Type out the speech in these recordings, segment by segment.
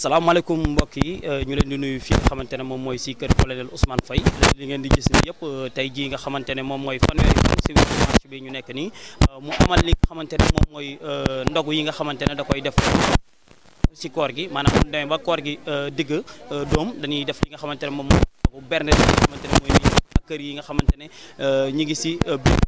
salaamaaleykum mbokk yi euh, ñu leen di nuyu fi nga xamante ne moom mooy si kër colonel Ousmane Faye li ngeen di gis ni yëpp euh, tey jii nga xamante ne moom mooy fanweeri fan si weeru bi ñu nekk nii euh, mu amal li nga xamante ne moom mooy ndogu yi nga xamante ne da koy def si koor gi maanaam bu demee ba koor gi digg doom dañuy def li nga xamante ne moom mooy ndogu bernde li nga xamante mooy nii kër yi nga xamante ne ñi ngi si biir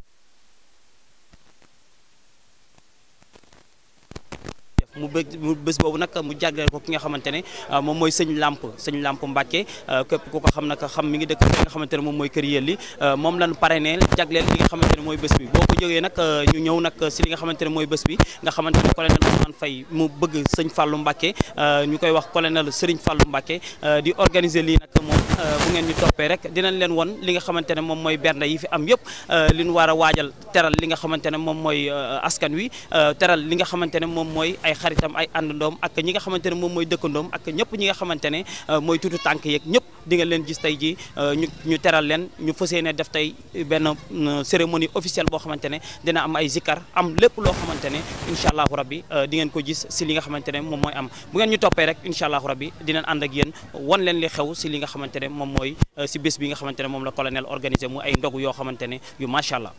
bés boobu nag mu jagleel ko ki nga xamante ne euh, moom mooy sëñ Lamp sëñ Lamp Mbàkke euh, képp ku ko xam nag xam mi ngi dëkk fi nga xamante ne moom mooy kër yëlli euh, moom lan parrainé jagleel xamante ne mooy bés bi boo ko jógee nag ñu ñëw nag si li nga xamante ne mooy bés bi nga xamante ne colonel Ousmane Faye mu bëgg sëñ Fallou Mbàkke ñu koy wax colonel Sëriñ Fallou Mbàkke di organiser lii nag moom bu ngeen ñu toppee rek dinañ leen won li nga xamante ne moom mooy bernde yi fi am yëpp li ñu war a waajal teral li nga xamante ne moom mooy askan wi teral li nga xamante ne moom mooy ay xarit itam ay ndoom ak ñi nga xamante ne moom mooy dëkkandoom ak ñëpp ñi nga xamante ne euh, mooy tuutu tànk yeeg ñëpp di nga leen gis tey ji euh, ñu teral leen ñu fas ne def tey benn euh, cérémonie officielle boo xamante ne dina am ay zikkar am lépp loo xamante ne incha allahu rabbi di ngeen ko gis si li nga xamante ne moom mooy am bu ngeen ñu toppee rek incha allahu rabbi dinañ ànd ak yéen wan leen li xew si li nga xamante ne moom mooy si bés bi nga xamante ne moom la colonel organisé mu ay ndogu yoo xamante ne yu macha allah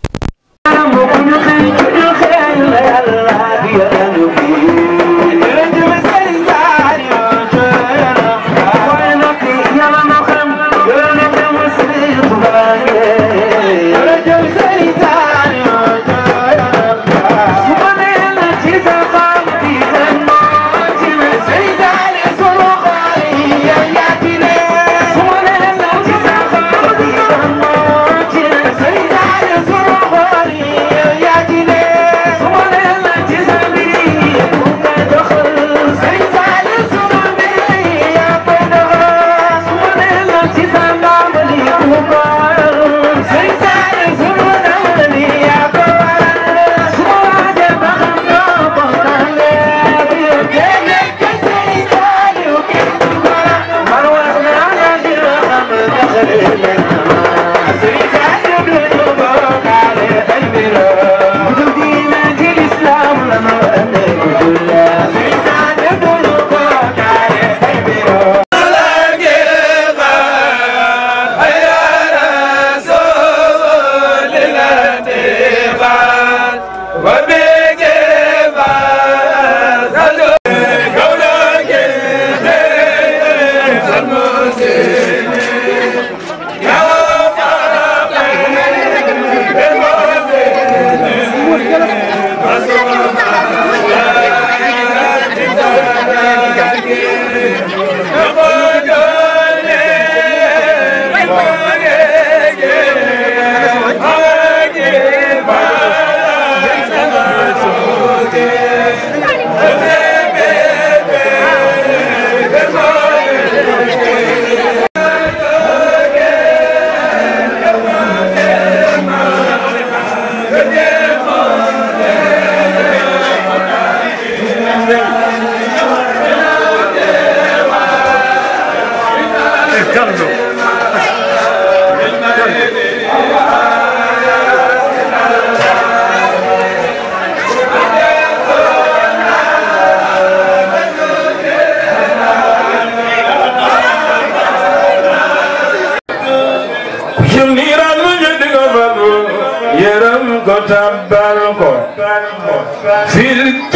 في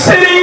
city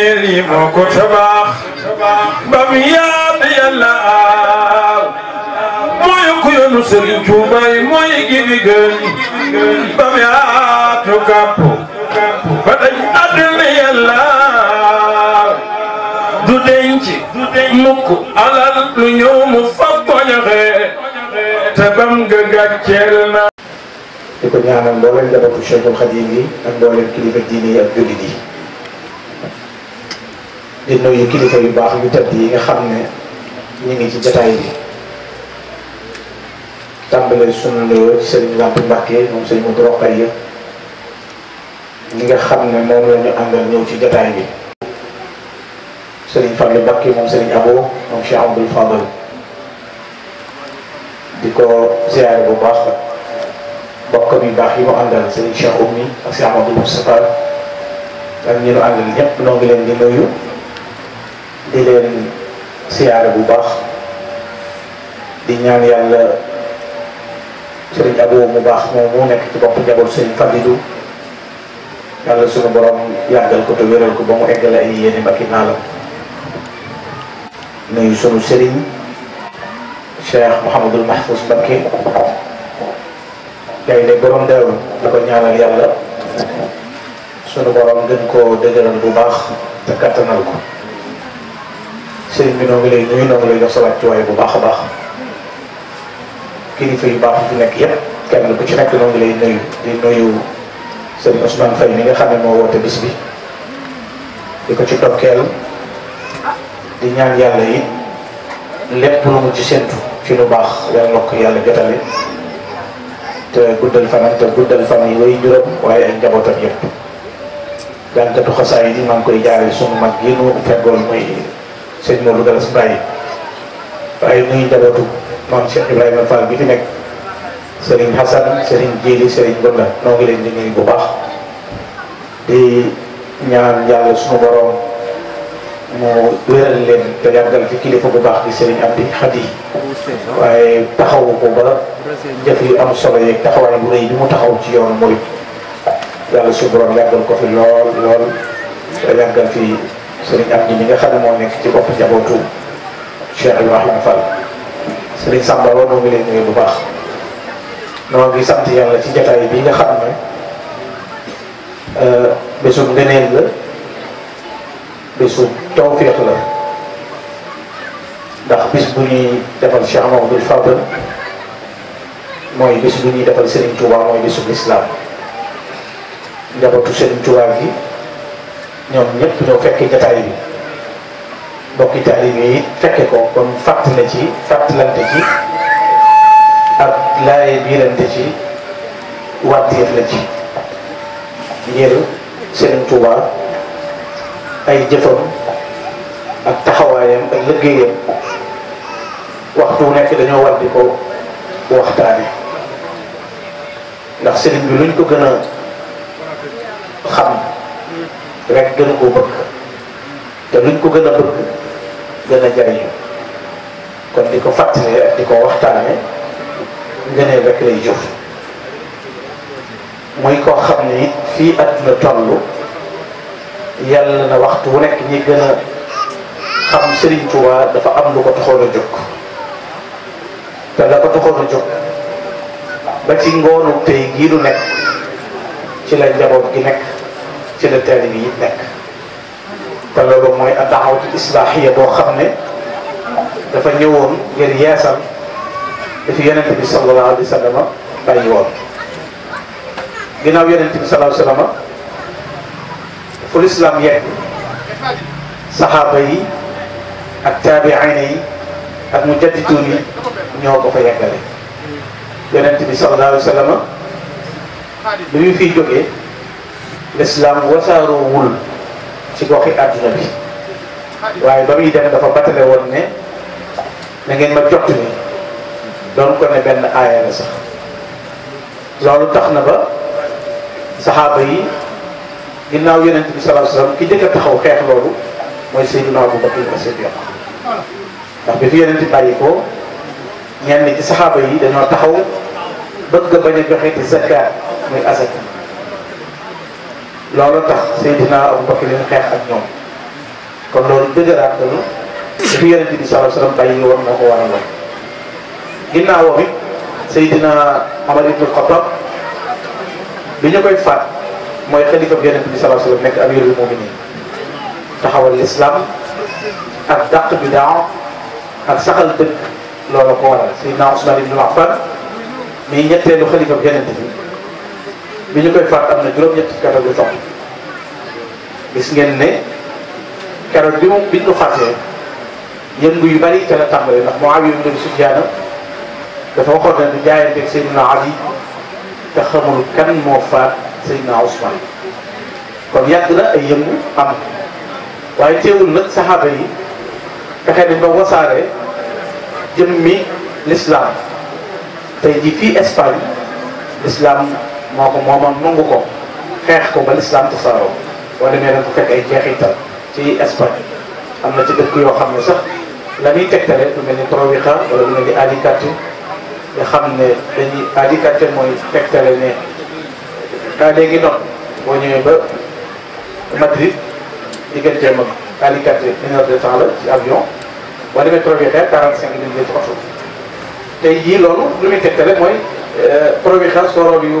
leeri moo ko tabax ba mu yaatu yàlla aaw mooy ku yoonu Serigne Touba yi mooy gi di gën ba mu yaatu kàpp ba dañ àdduna yàlla aaw du denc mukk alal lu ñëw mu fab ko ñaxe te bam nga gàcceel na di ko ñaanal mbooleem njabootu Cheikhul Khadim yi ak mbooleem kilifa diine yi ak jullit yi nuyu kilifa yu baax yu tëdd yi nga xam ne ñu ngi ci jataay bi tàmbale sunu nuyoo ci sëriñ Lamp Mbàkke moom sëriñ Modou Rokhaya ñi nga xam ne moom la ñu ñëw ci jataay bi sëriñ Fallou Mbàkke moom sëriñ Abo moom Cheikh Abdoul Fadal di ko ziare bu baax bokk yu baax yi mu àndal sëriñ Cheikh Oumy ak Cheikh Amadou Moustapha ak ñi ñu àndal ñëpp noo leen di nuyu di len siyaare bu baax di ñaan yalla serigne Abo mu baax mo mo nek ci bopp jabo serigne fadidou yalla sunu borom yàggal ko te wéral ko ba mu eggale ay iya, yéene mbakki nala la nuyu sunu serigne Cheikh Mouhamadul Mahfouz Mbacké day ne borom deew di ko ñaanal yalla sunu borom gën ko dëgëral bu baax te kattanal ko sëriñ bi noo lay nuyu lay jox sa wàccuwaay bu baax a baax kilifa yu baax bu nekk yëpp kenn ku ci nekk noo lay nuyu di nuyu sëriñ Ousmane Faye mi nga xam ne moo woote bis bi di ko ci dokkeel di ñaan yàlla yi lépp lu mu ci séntu ci lu baax yàlla lokk yàlla jotale te guddal fanam te guddal fan yi way juróom waaye ak njabootam yëpp jànkatu xasaay yi maa ngi koy jaare sunu mag yi nu feggoon muy sëñ Modou Galas Baye waaye nuyu njabootu maam Cheikh Ibrahima Fall bi fi nekk Serigne Hassan Serigne Djili Serigne Gonda noo leen di bu baax di ñaan yàlla suñu borom mu wéral leen te yàggal fi kilifa bu baax di Serigne Abdi Khadi waaye taxawu ko ba jëf yu am solo yeeg taxawaay bu rëy bi mu taxaw ci yoonu Mouride yàlla suñu borom yàggal ko fi lool lool te yàggal fi. Ya, kan, sering am ñi nga xam ne moo nekk ci bopp njabootu Cheikh Ibrahima Fall sëriñ Samba Lo noo ngi leen nuyu bu baax noo ngi sant yàlla ci jataay bi nga xam ya, kan, ya. eh, ne bésum ngëneel la bésum tawféex la ndax bis bu ñuy defal Cheikh Mamadou Fadal mooy bis bu ñuy defal Serigne Touba Serigne Touba gi ñoom ñëpp ñoo fekkee jataay yi mbokki taalibe yi fekke ko kon fàttali ci fàttalante ci ak laaye biirante ci wàtteef la ci ngir Sëriñ Tuubaa ay jëfam ak taxawaayam ak liggéeyam waxtu wu nekk dañoo war di ko waxtaane ndax sëriñ bi luñ ko gën a xam rek gën a bëgg te luñ ko gën a bëgg gën a jariñu kon di ko fàttalee ak di ko waxtaane ngëneel rek lay jur muy koo xam ni fii àdduna toll yàlla na waxtu wu nekk ñi gën a xam Serigne Touba dafa am lu ko taxoon a jóg te la ko taxoon a jóg ba ci ngoonu tey gii du nekk ci la njaboot gi nekk ci la taalibe yi nekk te loolu mooy a daxawtul islaahiya boo xam ne dafa ñëwoon ngir yeesal dafa yonent bi sallallahu alayhi wa sallam bàyyi woon ginnaaw yonent bi sallallahu alayhi wa sallam fu lislaam yegg yi ak taabiina yi fa yeggale yonent bi sallallahu alayhi bi ñu fiy lislaam wasaaroowul ci goxi àdduna bi waaye ba muy dem dafa batale woon ne na ngeen ma jot ni doon ko ne benn aaya sax loolu tax na ba saxaaba yi ginnaaw yonent bi sallallahu ki njëkk a taxaw xeex loolu mooy Seydina Abu Bakr as-Siddiq ndax bi fi yonent bàyyi ko saxaaba yi dañoo taxaw bëgg bañ a joxe ci zakat muy asaka loolu tax Seydina abou Bakr leen xeex ak ñom kon lolu dëgëraat la ci fi yonente bi sallallahu alayhi wasallam bayyi won moko waral won ginnaawam it Seydina Omar ibn Khattab bi ñu koy faat moy khalifa bi yonente bi sallallahu alayhi wasallam nek amirul muminin taxawal lislaam ak dàq bidaa ak saxal dëkk lolu ko waral Seydina usman ibn Affan mi ñettelu khalifa bi yonente bi bi ñu koy faat am na juróom-ñetti keroog yu topp gis ngeen ne keroog bi mu biñ ko xasee yëngu yu bari te la tàmbalee ndax Muawiya ibn Sufyaan dafa waxoon ne du jaayanteeg Seydina Ali te xamul kan moo faat Seydina Ousmane kon yàgg na ay yëngu am waaye teewul nag saxaaba yi fexe nañ ba wasaare jëm mi l'islam tey jii fii Espagne l'islam moo ko moomoon nangu ko xeex ko ba lislaam tasaaroo boo demee nag bu ay jeexital ci Espagne am na ci dëkk yoo xam ne sax la muy tegtale lu mel ni Trovica wala lu mel ni Alicante nga xam ne dañuy Alicante mooy tegtale ne daa léegi noonu boo ñëwee ba Madrid yi ak Alicante une heure de temps ci avion boo demee Trovica 45 minutes la ci oto tey jii loolu lu muy tegtale mooy euh, Trovica sorol yu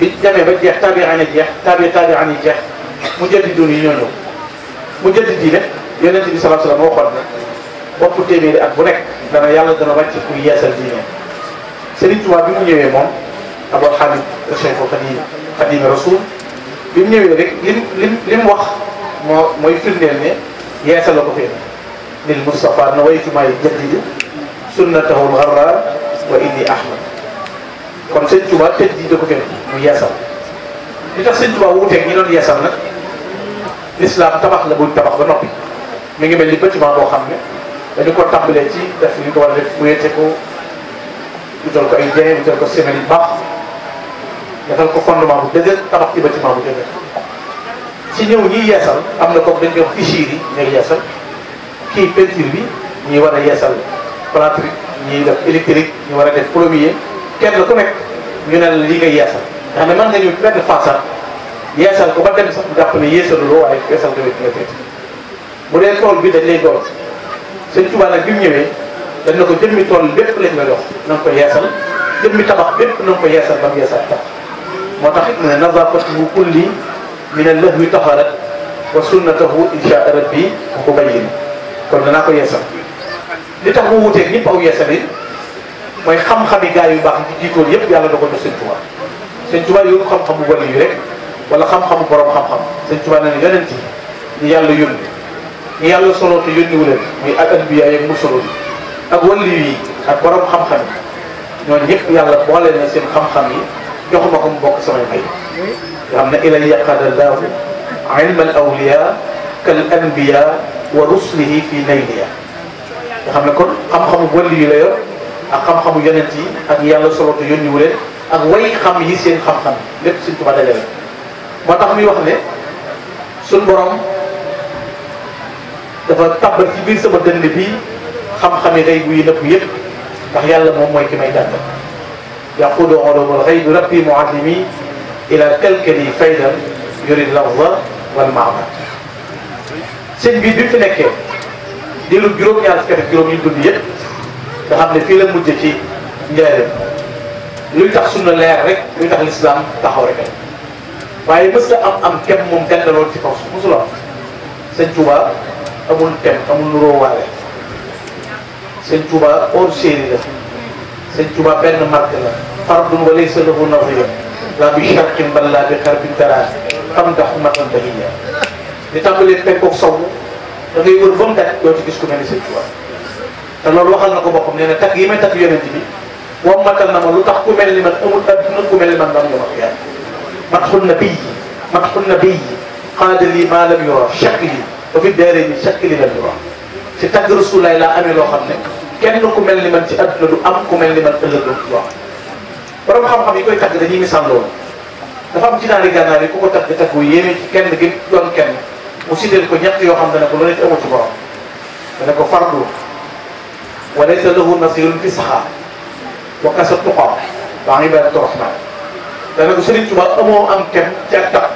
بالدم بدي احتابي عن الجح تابي تابي عن الجح مجدد نيونو مجدد دينا يونت بي صلى الله عليه وسلم وقال بوب تيمير اك بونك دا نا يالا دا نا واتي كو ياسر دينا سيري توا ابو الحبيب الشيخ القديم قديم الرسول بي نيوي ريك لين لين لين واخ موي فيرنيل ني للمصطفى نويت ما يجدد سنته الغراء واني احمد kon sëñ Touba tëj ji da ko mu yeesal li tax sëñ Touba wuuteeg ñi doon yeesal nag lislaam tabax la buñ tabax ba noppi mi ngi mel ni bâtiment boo xam ne dañu ko tàmbalee ci def li ko war fu def wéete ko utal ko ay jaay utal ko semaine yu baax defal ko fondement bu dëgër tabax ci bâtiment bu dëgër ci ñëw ñiy yeesal am na comme dañ koy wax fichier yi ñooy yeesal kii peinture bi ñi war a yeesal plâtre ñi def électrique war a def plombier kenn ku nekk ñu ne la lii ngay yeesal ndax ne mën nga ñu benn faasal yeesal ko ba dem sax mu jàpp ne yeesaluloo waaye yeesal nga wéet nga bu dee tool bi dañ lay doon sëñ Tuubaa nag bi mu ñëwee dañ na ko jëmmi tool bépp lañ la dox na nga ko yeesal jëmmi tabax bépp na nga ko yeesal ba mu yeesal tax moo tax it mu ne nazafatuhu kulli min al-lahwi taharat wa sunnatahu insha rabbi ko bayin kon danaa ko yeesal li tax mu wuteeg ñëpp aw yeesal yi moy xam-xami gaay yu bax yi ci jikkoon yëpp yàlla da ko do sëñ Tuubaa sëñ Tuubaa yu xam-xamu wàll yi rek wala xam xam borom xam-xam sëñ Tuubaa na ne yonent yi ñu yàlla yónni ni yàlla solo te yónni wu leen muy ak anbiya yi ak mursalo ak wali yi ak borom xam-xam ñoo ñëpp yàlla boole na seen xam-xam yi jox ma ko mu bokk samay may yoo xam ila ilay yaqadallahu ilma al awliya kal anbiya wa rusulihi fi nayliya nga xam ne kon xam-xamu wàll yi la yor ak xam-xamu yonent yi ak yàlla solo te yónni wu ak way xam yi seen xam-xam lépp suñ ko ba dajale moo tax muy wax ne suñ borom dafa tàbbal si biir sama dënd bi xam xam xëy bu yi nëpp yëpp ndax yàlla moom mooy ki may jàngal yaqudu ulumul xëy du rabbi muallimi ila kalkali faydan yurid lafza wal maana sëñ bi bi mu fi nekkee diiru juróom-ñaar fekk yi dund yëpp nga xam ne fii la mujj ci njëriñ luy tax sunna leer rek luy tax lislaam taxaw rek waaye mës la am am kem moom kenn loolu ci kaw su musul am sëñ Touba amul kem amul lu roowaale sëñ Touba hors série la sëñ Touba benn marque la fardun walay sa lahu nafiya la bi charqin bal la bi xarbin taraat xam ndax matan dahiya di tàmbalee pekkoog sow da ngay wër ba mu daj doo ci gis ku mel ni sëñ Touba تنور وخل نقبكم لنا تقييم تقييم تبي وما تلنا ملو تحكم اللي من أمور تبين لكم اللي من دم يمكيا مدخل نبي مدخل نبي قاد لي ما لم يرى شكلي وفي الدار من شكل لم يرى ستك رسول الله أمي لو خل نك كن لكم اللي من تبين لكم أمكم اللي من تبين لكم ورب خم خم يكوي تقدر يمي سالون نفهم كنا رجعنا لكم وتقدر تقوي يمي كن لكم كن مسيد لكم يقتي وهم دنا كلنا تأمر تبارك دنا كفردو walaysa lahu nasirun fi saxaa wa kasa tuqaa waa ngi ibadatu rahman dana ko Sëriñ Tuubaa amoo am kenn ci ak tax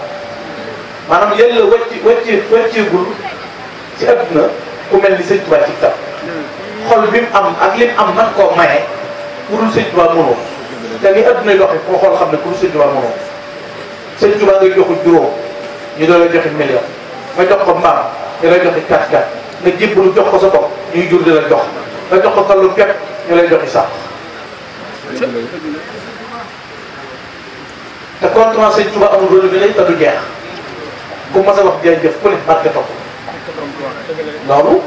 maanaam yàlla wàcci wàcci wàcceegul ci àdduna ku mel ni Sëriñ Tuubaa ci tax xol bi mu am ak li mu am man koo maye ku dul Sëriñ Tuubaa mënoo te li àdduna doxe koo xool xam ne ku dul Sëriñ Tuubaa mënoo Sëriñ Tuubaa ngay joxu juróom ñu doon la joxe million nga jox ko mbaam ñu lay joxe kaat kaat nga jébbalu jox ko sa bopp ñuy jur di la jox nga jox ko tollu képp ñu lay joxi sax te contrat sëñ Tuba amul rôle bi lay te du jeex ku mas a wax jaay jëf ku ne barke topp loolu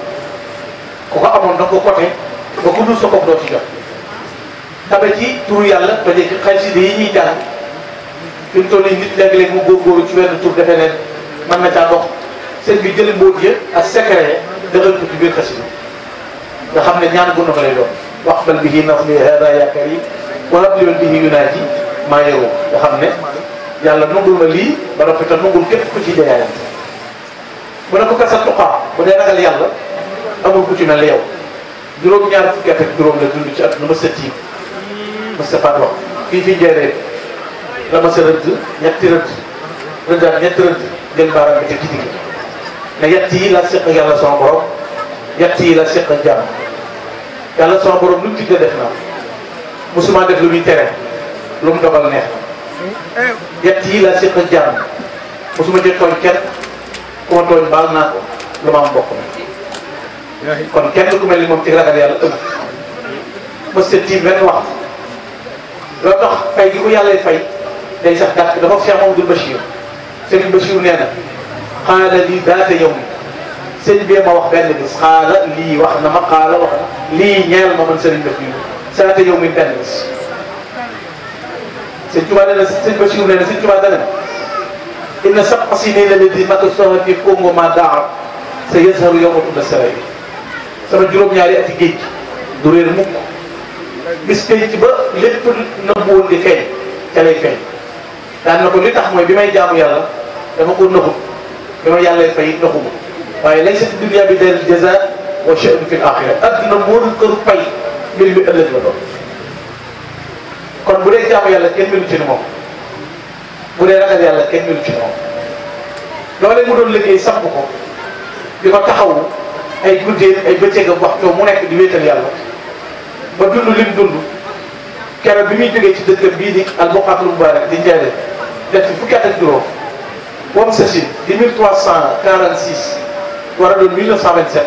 ko amoon da ko côté ba ku dul sa koog doo ci jot tabe ci turu yàlla ba ci xasida yi ñuy jàng fi mu toll nii nit léeg-léeg mu góorgóorlu ci wenn tur defe neen mën na caa dox sëñ bi jëli mbóot ya ak secret ya dëgal ko ci biir xasida nga xam ne ñaan gu nangu lay doon waqbal bihi nasbi hada ya karim wa rabbil bihi yunaji maa yow nga xam ne yàlla nungul ma lii ba noppi te nungul képp ku ci jayaayam bu ne ko kasa tuqaa bu dee ragal yàlla amul ku ci mel ne yow juróom-ñaar fukki at ak juróom la dund ci àdduna ma sët yi ma sëfaat wax fii fii njëriñ la ma sa rëdd ñetti rëdd rëddaat ñetti rëdd jël baaraam bi te ci ne yett yi laa seq ak yàlla sama borom ñett yi la seq ak jàmm yàlla sama borom lu mu digle def na musuma def lu muy tere lu mu dogal neex na ñett yi la seq ak jàmm musuma jël tooñ kenn ku ma tooñ baal naa ko lu ma am bokk na kon kenn ku mel ni moom ci ragal yàlla ëpp ma seet tiim benn wax loo tax fay gi ko yàlla fay day sax dàq dafa Cheikh Mamadou Bachir Serigne Bachir nee na xaala lii daata yow mi sëñ bi ma wax benn bis xaala lii wax na ma xaala wax na lii ñeel ma man sëriñ def lii salaata yow min benn bis sëñ Tuubaa nee na sëñ Basiru nee na sëñ Tuubaa dana inna sab'a siniina allati matusaha fi Congo ma daa sa yazharu yow ma tudda saray sama juróom-ñaari ati géej du réer mukk bis pénc ba lépp nëbbu woon di feeñ ca lay feeñ daan na ko li tax mooy bi may jaamu yàlla dama ko nëbbu bi ma yàlla fay nëbbu ma waaye laysa fi dunya bi dar jaza wa sha'nu fil axira adduna moo dul këru pay mbir mi ëllëg la doon kon bu dee jaamu yàlla kenn melu ci ni moom bu dee ragal yàlla kenn melu ci ni moom loolee mu doon liggéey samp ko di ko taxawu ay guddeen ay bëccëgam waxtoo mu nekk di wéetal yàlla ba dund lim dund keroog bi muy jógee ci dëkkam bii di al muqaatul mubaarak di Njaaréem def fi fukki at ak juróom wam sa Chine di mille trois cent quarante six war a doon 1927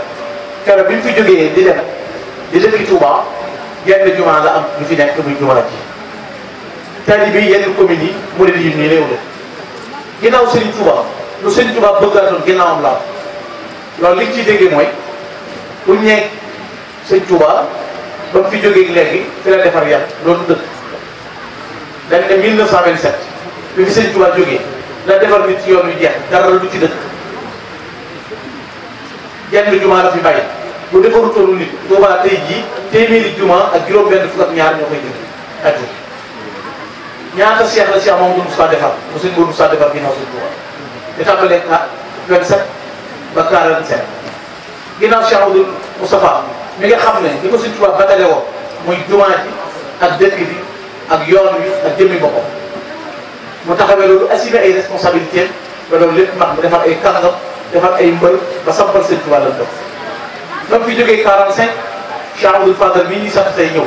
keroog bi ñu fi jógee di dem di dëkki Touba genn jumaa la am ñu fi nekk muy jumaa ji taalibe yi yenn communes yi mu ne di nii réew la ginnaaw Serigne Touba lu Serigne Touba bëggaatoon ginnaawam la loolu li ci déggee mooy bu ñeeg Serigne Touba ba mu fi jógee léegi fi la defar yàq loolu dëkk dañ ne 1927 bi fi Serigne Touba jógee la defar nit ci yoon wi jeex dara lu ci dëkk jenn jumaa la fi bàyyi bu defaru toonu nit bu boobaa tey jii téeméeri jumaa ak juróom-benn fukk ak ñaar ñoo koy jënd ak ñaata seex la seex moom du Moussa defar mu sëñ Mbour Moussa defar ginnaaw suñu Touba di tàmbalee ah 27 ba 47 ginnaaw Cheikh Abdoul Moustapha mi nga xam ne li ko suñu Touba batale woo muy jumaa ji ak dëkk bi ak yoon wi ak jëmmi boppam mu taxawee loolu assumer ay responsabilités ba loolu lépp mag mu defar ay kàngam. dengan aimboy ba sampal sëñ Tuubaa lañ def fi jógee 45 Cheikh Abdoul Fadal mii ñu sax tey ñëw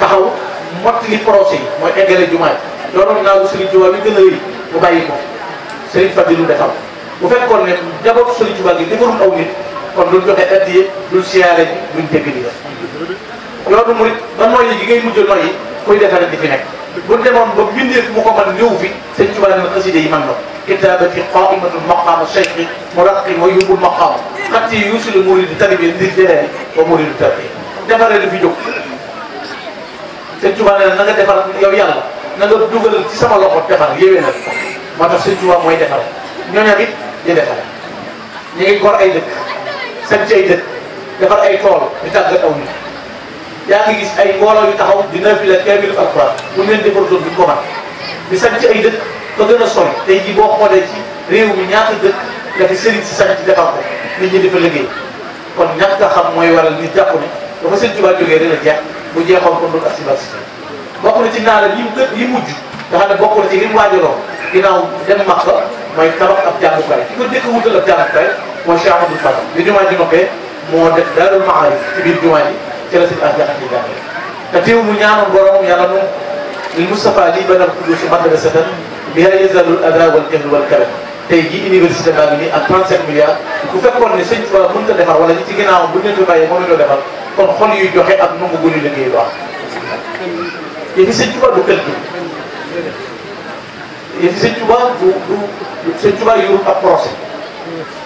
taxaw mottali projet yi mooy eggale jumaa ji doonoon naa lu Serigne Touba bi gën a rëy mu bàyyi ko Serigne Fadilou defal bu fekkoon ne njabootu Serigne Touba gi defarul aw nit kon duñ joxe addiye duñ siyaare ji duñ dégg di def yoonu murit ba noyyi gi ngay mujj noyyi kuy defare di fi nekk bu demoon ba bindeef mu ko mën néew fi sëñ Tuubaa ne xasida yi man na kitaabati qaa'imatul maqaama cheikhi muraqim wa yubul maqaama xatti yusilu muridu tarbiya ndi jeex wa muridu tarbiya defaree la fi jóg sëñ Tuubaa ne na nga defar yow yàlla na nga dugalal ci sama loxo defar yéwee na moo tax sëñ Tuubaa mooy defar ñooñam it di defar ñu ngi gor ay dëkk sanc ay dëkk defar ay tool di tàggat aw nit yaa ngi gis ay mbooloo yu taxaw di nafila kaamil alquran bu ñu leen defarutoon duñ ko man di sant ci ay dëkk ba gën a sori tey jii boo xoolee ci réew mi ñaata dëkk dafa sëriñ si sant ci defar ko nit ñi dafa liggéey kon ñàkk a xam mooy waral nit jàpp ne dafa sëriñ Tuubaa jógee dina jeex bu jeexoon kon doon asibas bokk na ci naala yi gën yi mujj nga xam ne bokk na ci li mu waajaloo ginnaaw dem Makka mooy tabax ab jàngukaay ki ko njëkk a wutal ab jàngukaay mooy Cheikh Amadou Fadal bi jumaa ji noppee moo def Daarul Maarif ci biir jumaa ji ca la sëñ As Jaxate ci jàppee te mu ñaanoon boromam yàlla moom il Moustapha lii banal kudu si madrasatan biha yazalul ada wal jahl wal karam tey jii université baa ngi nii ak 37 milliards fekkoon ne sëñ Tuubaa mënut a defar wala ñi ci ginnaawam bu ñu leen fi bàyyee mënut a defar kon xol yuy joxe ak nangu gu ñu liggéey baax yéen sëñ Tuubaa du kël gi yéen sëñ Tuubaa du du sëñ Tuubaa yorul ab projet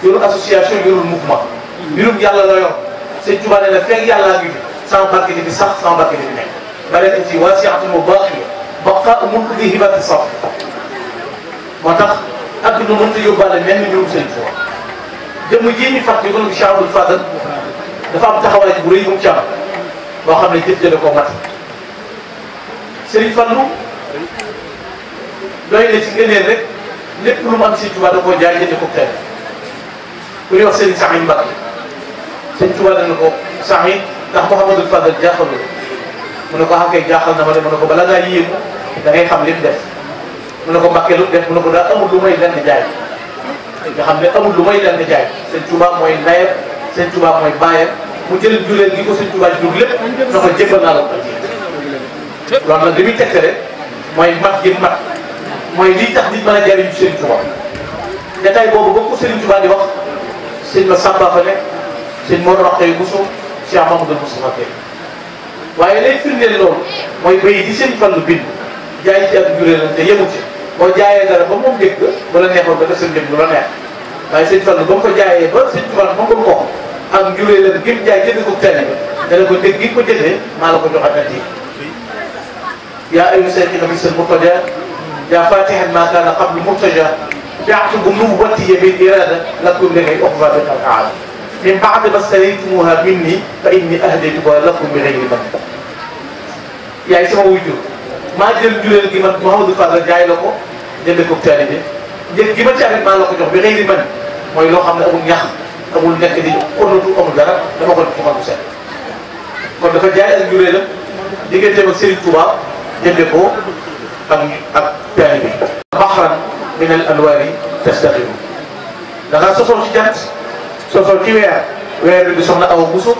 yorul association yorul mouvement yàlla fi sama barke di fi sax sama barke di fi nekk bale dañ ci waasiatun mu baax yi baqaa mun li hibati saf moo tax adduna mënut a yóbbaale mel ni ñoom seen foofu jëmm ji ñu fàttali ko nag Cheikhul Fadal dafa am taxawaay bu rëy bu mu caaw boo xam ne jëf jële ko mat Serigne Fallou doy na ci ngëneel rek lépp lu mu am Serigne Touba da koo jaay jënd ko teel ku ñuy wax Serigne Saxin Mbacke Serigne Touba dana ko Saxin ndax Mouhamadou Fadel jaaxalul mu ne ko xam ah, kay jaaxal na ma de mu ne ko bala ngaa yéemu da ngay xam li mu def mu ne ko mbàkkee lu def mu ne ko daal amul lu may lenn jaay nga xam ne amul lu may lenn jaay sëñ Tuubaa mooy ndayam sëñ Tuubaa mooy baayam mu jël juleen gi ko sëñ Tuubaa ci dugg lépp na ko jébbal naa la loolu nag li muy tegtale mooy mat gi mat mooy lii tax nit mën a jariñ sëñ Tuubaa détail boobu ba ko sëñ Tuubaa di wax sëñ ma Samba fa ne sëñ Mor Roqe Bousso Cheikh Mamadou Moustapha Kebe waaye lay firndeel loolu mooy béy di seen fàllu bind jaay ci ak juree lan te yemu ci boo jaayee dara ba moom dégg ba la neexoon ba def sa njëm lu la neex waaye seen fàllu ba mu ko jaayee ba seen tubaab ba mu ko ak juree lan gim jaay jënd ko tane te la ko dégg gi ko jëndee maa la ko jox akat yi yaa ayu saykina min seen murtaja yaa fatihan ma kaana qablu murtaja jaatu bu nubuwati bi irada lakum li ngay oxva bi alkaada min baadi ma shtariitumuuha minni fa innii ahdaytuhaa lakum bi ghayri baad yaay sama wujju maa jël njureel gi man Mouhamadou Fadal jaay la ko jëndee ko taalibe njëg gi ma caalit maa la ko jox bi ghayri baad mooy loo xam ne amul ñax amul nekk di xonatu amul dara dama ko joxoon bu set kon dafa jaay ak njureelam digganteem ak Serigne Touba jëndee ko ak ak taalibe bi. baxran min al anwaari tastaqiru da ngaa sosoon ci jant. sosol ci weer weer bi soxna Awa Bousso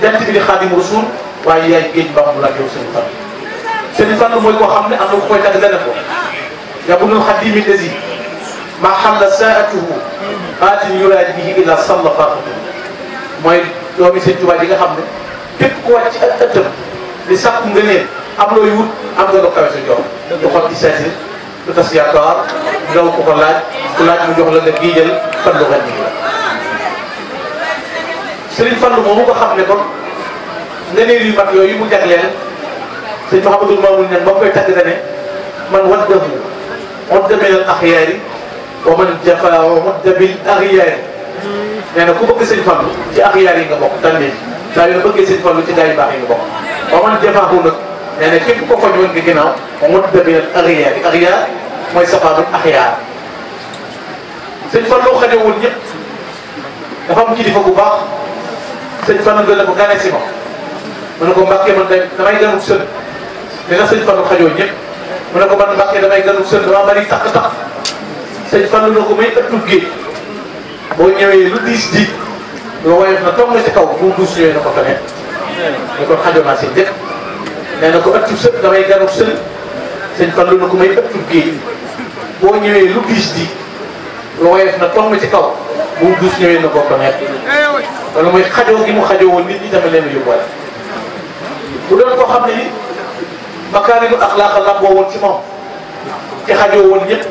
jant bi di xaadim rasul waaye yaay géej baaxul ak yow sëñ Fallou sëñ Fallou mooy koo xam ne am na ku koy tagg dana ko yabulul xadimi lazi ma xalla saatuhu aatin yuraaj bihi ila salla faatu mooy doomi sëñ Tuubaa yi nga xam ne képp ku wàcc ak ëttam di sàkku nga neen am looy wut am nga lu kawe sa jox du xool ci du tas yaakaar nga ko ko laaj ku laaj mu jox la nga giijal Fallu xel mi la. Serigne Fallu moomu nga xam ne kon ngëneel yu mag yooyu mu jagleel sëñ Mouhamadul ma ñan ba mu koy tagg ne man waddahu wadda min al axyaari wa man jafaa wadda bil axyaari nee na ku bëgg sëñ Fallu ci yi nga bokk tànnee saa yoo bëggee sëñ Fallu ci gaa yi nee na képp koo ko joxoon gi ginnaaw mu dëgg leen arrière arrière mooy safaanu axiyaar sëñ Fallou xajewul ñëpp dafa am kilifa bu baax sëñ Fallou doon na ko gane si mu ne ko Mbàkke man sëñ Fallou xajoo ñëpp mu ko man Mbàkke damay ganut sën dama bari tax tax sëñ Fallou na ko may ëttub géej boo ñëwee lu diis di nga woyof na toog nga kaw bu duus ñëwee na ko tane ne xajoo naa si nee na ko ëttu sëpp damay ganub sël sëñ fan lu na ko may ëttu géej boo ñëwee lu diis di lu woyof na tomb ci kaw mu dus ñëwee na bokk nekk wala mooy xajoo gi mu xajoo woon nit ñi dama leen yóbbuwale bu doon ko xam ne ni makaarimu axlaaqa làmboo woon ci moom ci xajoo woon ñëpp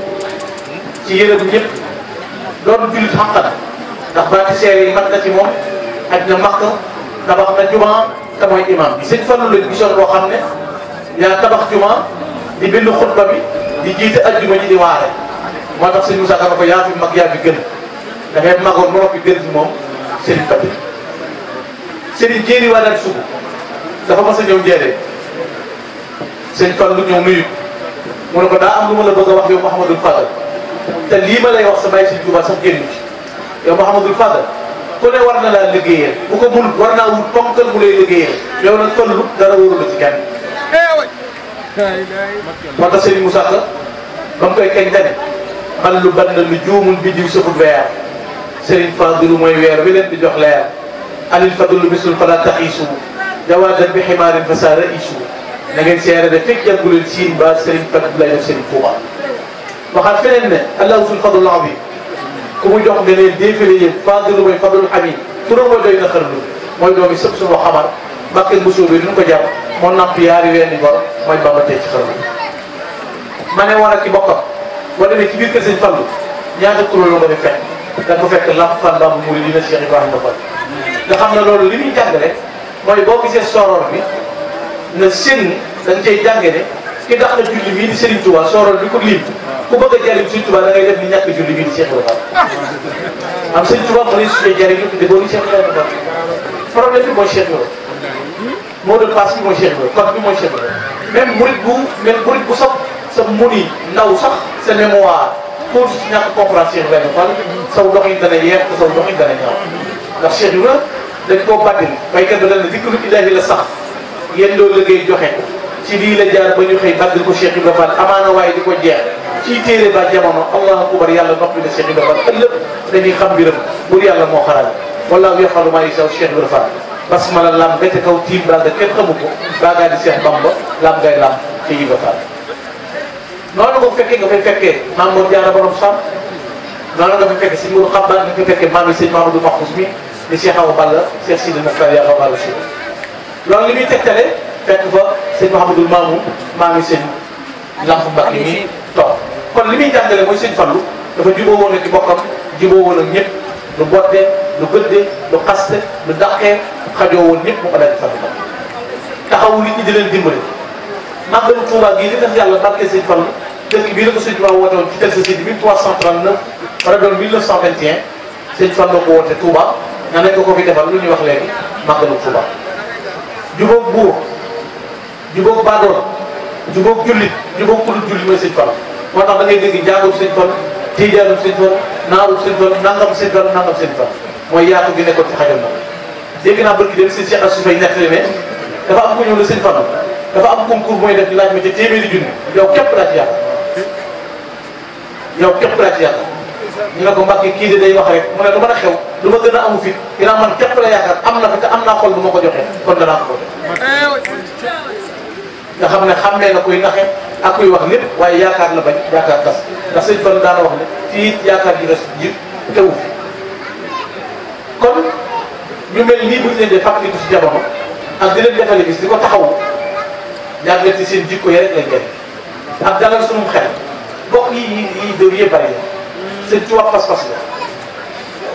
ci yërëm ñëpp doon jullit xàq na ndax baati yi mat na ci moom aj na makk tabax na jumaa te mooy imaam sëñ Fallou la gisoon boo xam ne yaa tabax juma di bind xutba bi di jiite ajjuma ji di waare moo tax sëñ Moussa Ka ko yaa mag yaa fi gën dafay magoon ba noppi gën moom Serigne Fatick Serigne jéeri waa nag sugu dafa mas a ñëw njéeréer sëñ Fallou ñëw nuyu mu ne ko daa am lu ma la bëgg a wax yow Mouhamadou Fadal te lii ma lay wax sa bàyyi sëñ Touba sax génn ci yow Mouhamadou Fadal. ku ne war na laa liggéeyal bu ko bul war naa wut ponkal bu lay liggéeyal yow nag tollu dara wóorul ci kenn. moo tax Serigne Moussa Ka ba mu koy kañ dane man lu ban lu juumul bi diw safut weer Serigne Fadilu mooy weer wi leen di jox leer alil fadlu bisul fala taxiisu jawaadan bi ximaarin fa saa raisu na ngeen seere de fekk jàngu leen siin ba Serigne Fadlu lay def Serigne Touba waxaat feneen ne allahu sul fadlu azim ku mu jox nga leen défilé fadilu mooy fadlul hamid turam mooy doy na xërlu mooy doomi sëpp suñu xamar mbàkke mbusuur bi duñ ko jàpp moo namp yaari weer ni ngor mooy bamba tey ci xërlu ma ne war a ci bokkam boo demee ci biir kër sëñ Fallu ñaata kuréel la nga di fekk da ko fekk lamp fan lamp muri dina Cheikh Ibrahima Fall nga xam ne loolu li muy jàngale mooy boo gisee soror bi na sëriñ dañ cey jàngale ki tax na julli mii di Sëriñ ko lim Kuba bëgg a jariñ Sëñ Tuubaa da ngay def li ñàkk julli bi di Cheikh Ibra Fall am Sëñ Tuubaa mu ne suñu jariñ di boo di Cheikh Ibra Fall problème bi mooy Cheikh Ibra mot de passe bi mooy Cheikh Ibra code bi mooy Cheikh Ibra même murit bu même murit bu sax sa muni ndaw sax sa mémoire pour si ñàkk comprendre Cheikh Ibra Fall saw doxin dana yeex te saw doxin dana ñaaw ndax Cheikh Ibra dañ koo bàddil baykat bi dana dikkalu ilaahi la sax yéen loo liggéey joxe ci lii la jaar ba ñu xëy ko Cheikh Ibra Fall amaana waaye di ko ya. nah, jeex ci téere ba jamono allahu akbar yàlla noppi na Cheikh Ibrahima ëllëg dañuy xam mbiram buur yàlla moo xaral wallaahu yaxalu maa yashaa Cheikh Ibrahima basmala lam ba ca kaw tiim daal de kenn xamu ko daa gaa di Cheikh Bamba lam ngay lam ci yi ba faal. noonu nga fekkee nga fay fekkee maam Mor Diarra borom Sam noonu nga fay fekkee si mbiru xabaar nga fay fekkee maam yi sëñ Mamadou Maxus mi di Cheikh Awa Balla Cheikh Sidi Mokhtar Yaba Balla si loolu li muy tegtale fekk fa sëñ Mahamadou Mamoun maam yi sëñ Lamp Mbacke mi toog kon li muy jàngale mooy sëñ Fallu dafa juboo woon ak bokkam juboo woon ak ñëpp lu botte lu gëdde lu xaste lu daqee xajoo woon ñëpp mu ko daal di Fallu taxawu nit ñi di leen dimbale màggalu Tuubaa gii li tax yàlla barke sëñ Fallu dëkk bii la ko sëñ Tuubaa woote woon ci telsa sidi 1339 wala doon 1921 sëñ Fallu ko woote Tuubaa nga nekk ko fi defal lu ñuy wax léegi màggalu Tuubaa jubóog buur jubóog baadoor jubóog jullit jubóog ku dul jullit mooy sëñ Fallu moo tax da ngay dégg jaagul sëñ Fall tiijaanul sëñ Fall naarul sëñ Fall nangam sëñ Fall nangam sëñ mooy yaatu gi nekkoon ci xajal na dégg naa bëgg dem sëñ Cheikh Assou Faye nettali ne dafa am ko ñëw la sëñ Fall dafa am concours mooy def ñu laaj ma ca téeméeri junni yow képp laa ci yàq yow képp laa ci yàq ñu ne ko kii de day wax rek mu ne lu mën a lu ma gën a amu fit man képp la yaakaar am na fa te am naa xol bu ma ko joxee kon danaa nga xam ne xàmmee na koy naxe ak kuy wax lépp waaye yaakaar la bañ yaakaar tas ndax sëñ Fallu daana wax ne fii it yaakaar ji res ji tewu kon ñu mel nii bu ñu leen di fàttaliku si jamono ak di leen defale gis di ko taxawu ñaar ci seen jikko yi rek lañ jëriñ ak dalal sunum xel bokk yi yi yi dër yëpp bari la seen ci wax pas-pas la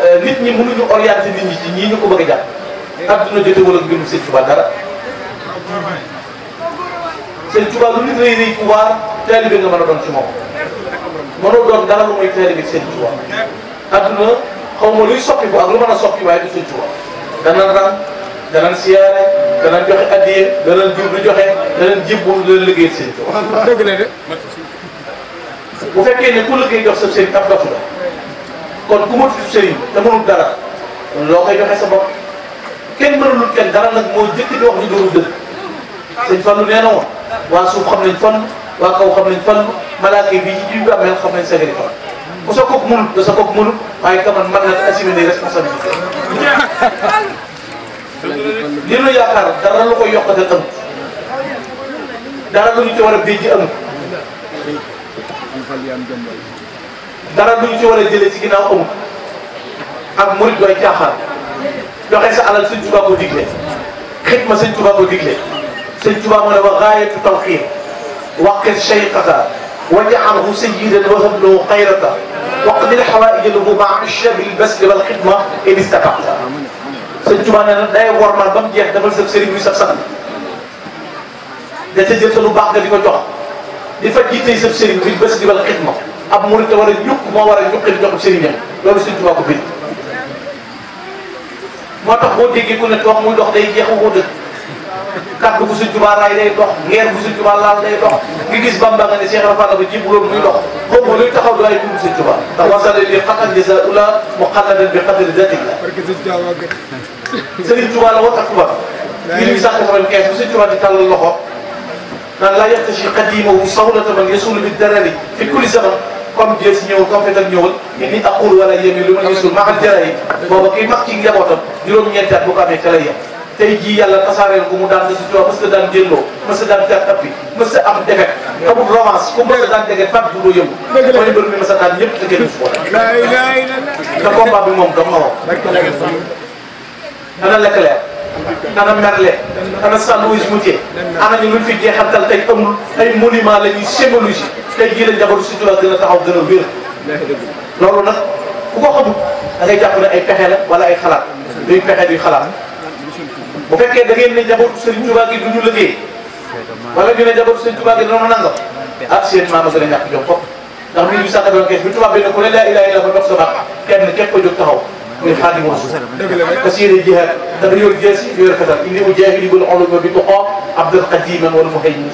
euh, nit ñi mënuñu orienté nit ñi ci ñii ñu ko bëgg a jàpp adduna jote wala mbirum sëñ Tuubaa dara sëñ Tuubaa lu nit rëy rëy pouvoir taalibe nga mën a doon ci moom mënoo doon dara lu mooy taalibe sëñ Tuubaa adduna xaw ma luy soppi ko ak lu mën a soppi waaye du sëñ Tuubaa danañ ran danañ siyaare danañ joxe addiye danañ jublu joxe danañ jibbu danañ liggéey sëñ Tuubaa dëgg la bu fekkee ne ku liggéey jox sa sëriñ ab dof la kon ku matu sëriñ te mënul dara loo koy joxe sa bopp kenn mënulul kenn dara nag moo jëkk di wax ñu dooru dëgg sëñ nee na waa suuf xam nañ fan waa kaw xam nañ fan malaaka yi bi ñu bi amee xam nañ sa ngeen fan ku sa kook mënut da sa kook mënut waaye kaman man nag assumer les responsabilités li nu yaakaar dara lu koy yokkatal amut dara lu ñu ci war a béy ji amut dara lu ñu ci war a jëlee ci ginnaaw amut ak murit doy caaxaan joxe sa alal sëñ Tuubaa ko digle xit ma sëñ Tuubaa digle سنتوا من وغاية التلخيم وقت شيقك وجعله سيدا وهبله خيرة وقت الحوائج له مع الشاب البسل والخدمة إن استطعت سنتوا من الناي ورمى البنجي أهدف السبسري يوسف سنة لتجد يصلوا بعد ذلك وجوه لفجي تيسف سيرين في البسل والخدمة أب مورت ورد يوك ما ورد يوك الجوك سيرين لو سنتوا من ما تقول ديكي كنت وقمو يدوخ ديكي يخو kaddu gu Sëñ Tuubaa raay day dox ngeer gu Sëñ Tuubaa laal day dox nga gis Bamba nga ne Cheikh Ibra Fall ba jibloon muy dox kooku luy taxaw du ay dugg Sëñ Tuubaa ndax wasala bi xatal jasa ula mu xalladan bi xadri zatik la Sëriñ Tuubaa la war ak kubar 1895 bu Sëñ Tuubaa di tàllal loxo naan laa yaxtashi qadimahu sawlata man yasulu bi darari fi kulli zaman comme Dieu si ñëwul comme fetal ñëwul nit ñi aqul wala yémi ma ci at bu ko tey jii yàlla tasaareel ko mu daan da si tuwa parce que daan génnoo parce que daan kat tappi parce que am defet amul romance ku mos a daan defet fat du ko yëngu mooy mbir mi mas a daan ñëpp te kenn su ko te combat bi moom dama wax ana Leclerc ana Merlet ana San Luis Mutier ana ñu luñ fi jeexantal tey amul ay monument la ñuy symbologie tey jii la jabaru si tuwa gën a taxaw gën a wér loolu nag ku ko xamul da ngay jàpp ne ay pexe la wala ay xalaat luy pexe duy xalaat bu fekkee da ngeen ne njabootu Serigne Touba gi du ñu liggéey wala ñu ne njabootu Serigne Touba gi dana nangam ah ak seen maam gën a ñàkk jom fopp ndax 1895 bi tubaab bi ne ku ne laa ilaaha illallaah dox sa baat kenn képp ko jóg taxaw muy Xaadimu Rasuul kasiirul jihaad tabriirul jaasi yor fatal indi u jaahili bul uluma bi tuqaa abdul qadiman wal muhaymin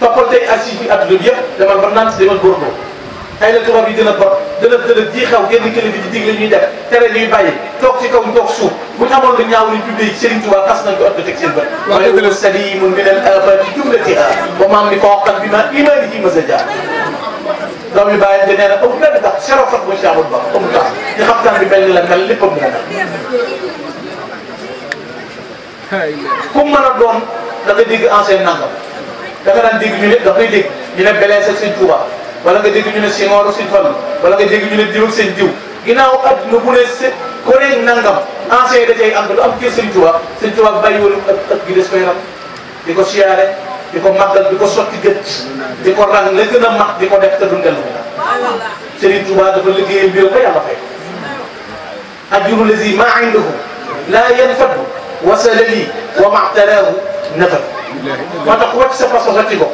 toppal tey assis bi adduna bi yëpp demal ba naan si demal Bordeaux tey la tubaab yi gën a bokk dërëf dërëf ji xaw génn kilifa ji digle ñuy def tere ñuy bàyyi toog ci kaw toog suuf bu ñu amoon lu ñaaw liñ tuddee Serigne Touba xas nañ ko ëpp teg seen bët wala salimun min al afati jumlatiha wa maam ni ko waxtaan bi ma imaani ji mës a jaar doom yi bàyyi te nee na amul benn tax sero fat bu caabul ba amul tax ñu xam tan bi mel ni la mel lépp mu mel ku mën a doon da nga dégg ancien nangam da nga daan dégg ñu ne da ngay dégg ñu ne belees ak Serigne Touba wala nga dégg ñu ne Senghor ak Sëñ Fallu wala nga dégg ñu ne diw ak seen diw ginnaaw adduna bu ne se ku ne nangam ancien da cay am lu am kër Sëñ Tuubaa Sëñ Tuubaa bàyyiwul ak ak gi des koy ram di ko siyaare di ko màggal di ko sotti gët di ko rang la gën a mag di ko def te duñ dellu Sëriñ Tuubaa dafa liggéeyee mbir ba yàlla fay ajru lazi maa indahu laa yanfadu wasala lii wa maxtalaahu nafadu moo tax ku wàcc sa façon sotti ko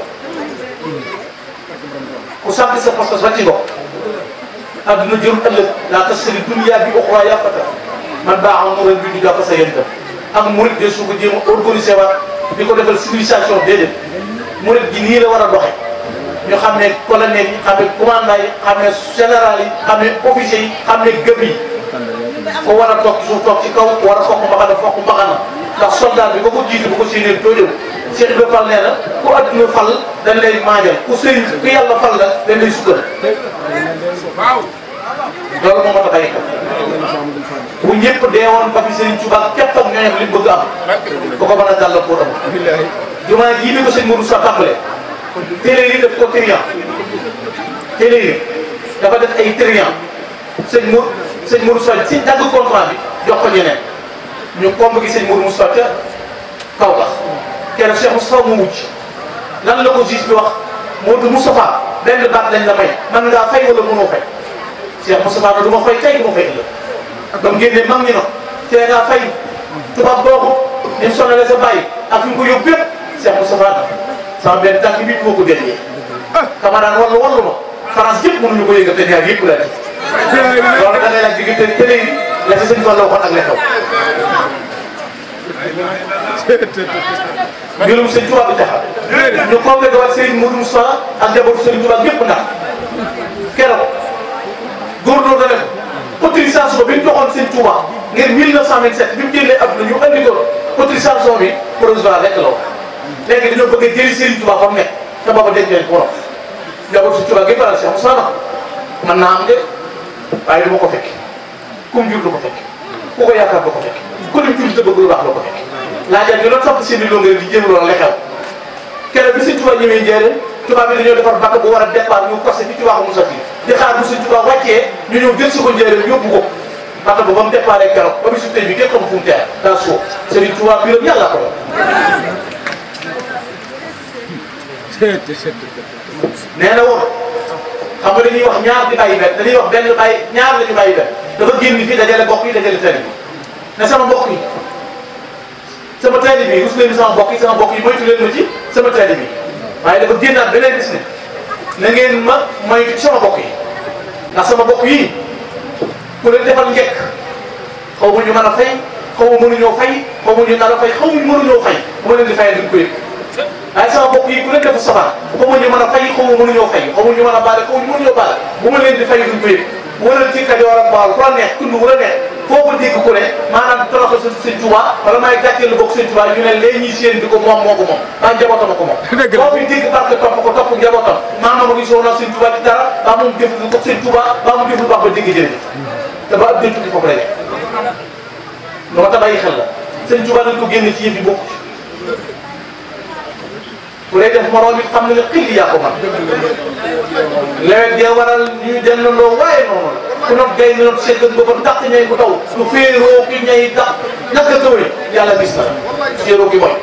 sànq sa pas-pas ba ci gox adduna jëm laa tashtari dunya bi uxra yaa man baax na mu ren bii du jàpp sa yéen ak murid de su ko jéem a organisé waat di ko defal civilisation déedéet murid gi nii la war a doxe ñu xam ne colonel yi xam ne commandant xam ne général xam ne officier xam ne gëm yi ko war a toog suuf ci kaw war a fokk mbaxana fokk mbaxana ndax soldat bi ba ko jiitu ba ko séenee doo Cheikh Ibrahima Fall nee na ku adduna fal dañ lay maajal ku sëriñ ku yàlla fal la dañ lay sukkal loolu moo mën a béy bu ñëpp deewoon ba fi sëriñ Tuubaa képp ak ñooñu li bëgg am bu ko mën a gàllankoor am jumaa ji ni ko sëñ sa tàmbale télé yi daf yi dafa def ay triant sëñ Mour sëñ Mourou sa si dagg contrat bi jox ko ñeneen ñu komb gi sëñ Mourou Moustapha ca kaw keroog Cheikh Moustapha moo wucc lan la ko juge bi wax moo du Moustapha benn baat lañ la may man ngaa fay wala mënoo fay Cheikh Moustapha ne du ma fay tey du ma fay ëllëg ba mu génnee mag ñi na tee ngaa fay tubaab boobu ni mu sonale sa bàyyi ak fi mu ko yóbbu yëpp Cheikh Moustapha na sama benn tànk bi moo ko déggee camarade wallu wallu ma France yëpp mënuñu ko yëgal te ñaar yëpp la def loolu da ngay laaj diggante télé yi la ci sëñ Fall waxoon ak la xew mbirum sëñ Tuubaa bi jaxal ñu convoqué waat Serigne Modou Moustapha ak njabootu Serigne Touba ñëpp ndax keroog góorgóorlu na leen autorisation bi ñu joxoon sëñ Touba bi mu jëlee ab ñu andi ko autorisation bi provisoire rek la woon léegi dañoo bëgg a jëli Serigne Touba fa mu nekk te booba denc leen borom njabootu sëñ Touba gi baral Cheikh Moustapha mën naa am de waaye du ma ko fekk kum jur du ko fekk ku ko yaakaar du ko fekk ku dem jur te bëgg lu baax du ko fekk. laajal ñu doon topp si biir longue di jéem loolu lekkal keroog bi suñ tubaab ñëwee njëriñ tubaab yi dañoo defar bakk bu war a départ ñu kose ci tubaabu Moussa bi di xaar bu suñ tubaab wàccee ñu ñëw jël si ko njëriñ yóbbu ko bakk ba ba mu départ keroog ba mu si tey bi kenn xamul fu mu teer dans suuf Serigne Touba bi yàlla ko doon nee na woon xam nga dañuy wax ñaar di bàyyi benn dañuy wax benn bàyyi ñaar la ñu bàyyi benn dafa génn fii dajale bokk yi dajale tali bi ne sama bokk yi sama taalibe yi rus leen sama mbokk yi sama mbokk yi moytu leen ma ci sama taalibe yi waaye dafa génnaat beneen bis ne na ngeen ma moytu ci sama mbokk yi ndax sama mbokk yi ku leen defal njëkk xaw ma ñu mën a fay xaw ma mënuñoo fay xaw ma ñu nar a fay xaw ma mënuñoo fay bu ma leen di fayal duñ ko yëg waaye sama mbokk yi ku leen defal safara xaw ma ñu mën a fay xaw ma mënuñoo fay xaw ma ñu mën a baale xaw ma mënuñoo baale bu ma leen di fay duñ ko yëg wala ci Kajoor ak Bawol ku la neex tund wu neex foo ko dégg ku ne maanaam toroxal sa sëñ Tuubaa wala may gàcceel bokk sëñ Tuubaa ñu ne léegi ñuy séen di ko moom moo ko moom ba njabootam ko moom foo fi dégg parce que topp ko topp njabootam maanaam ngi soo na sëñ Tuubaa di dara baa moom jëf ko sëñ Tuubaa baa moom jëf lu baax ba dégg jëf te ba ab dëntu ko génn ci ku lay xam na ne xilli yaa ko man nawet jee waral ñu dendandoo waaye noonu la ku nopp gay nopp seetal ba ba dàq ñay ko su féeroo ki ñay dàq ñàkk a tawee yàlla gis na féeroo ki mooy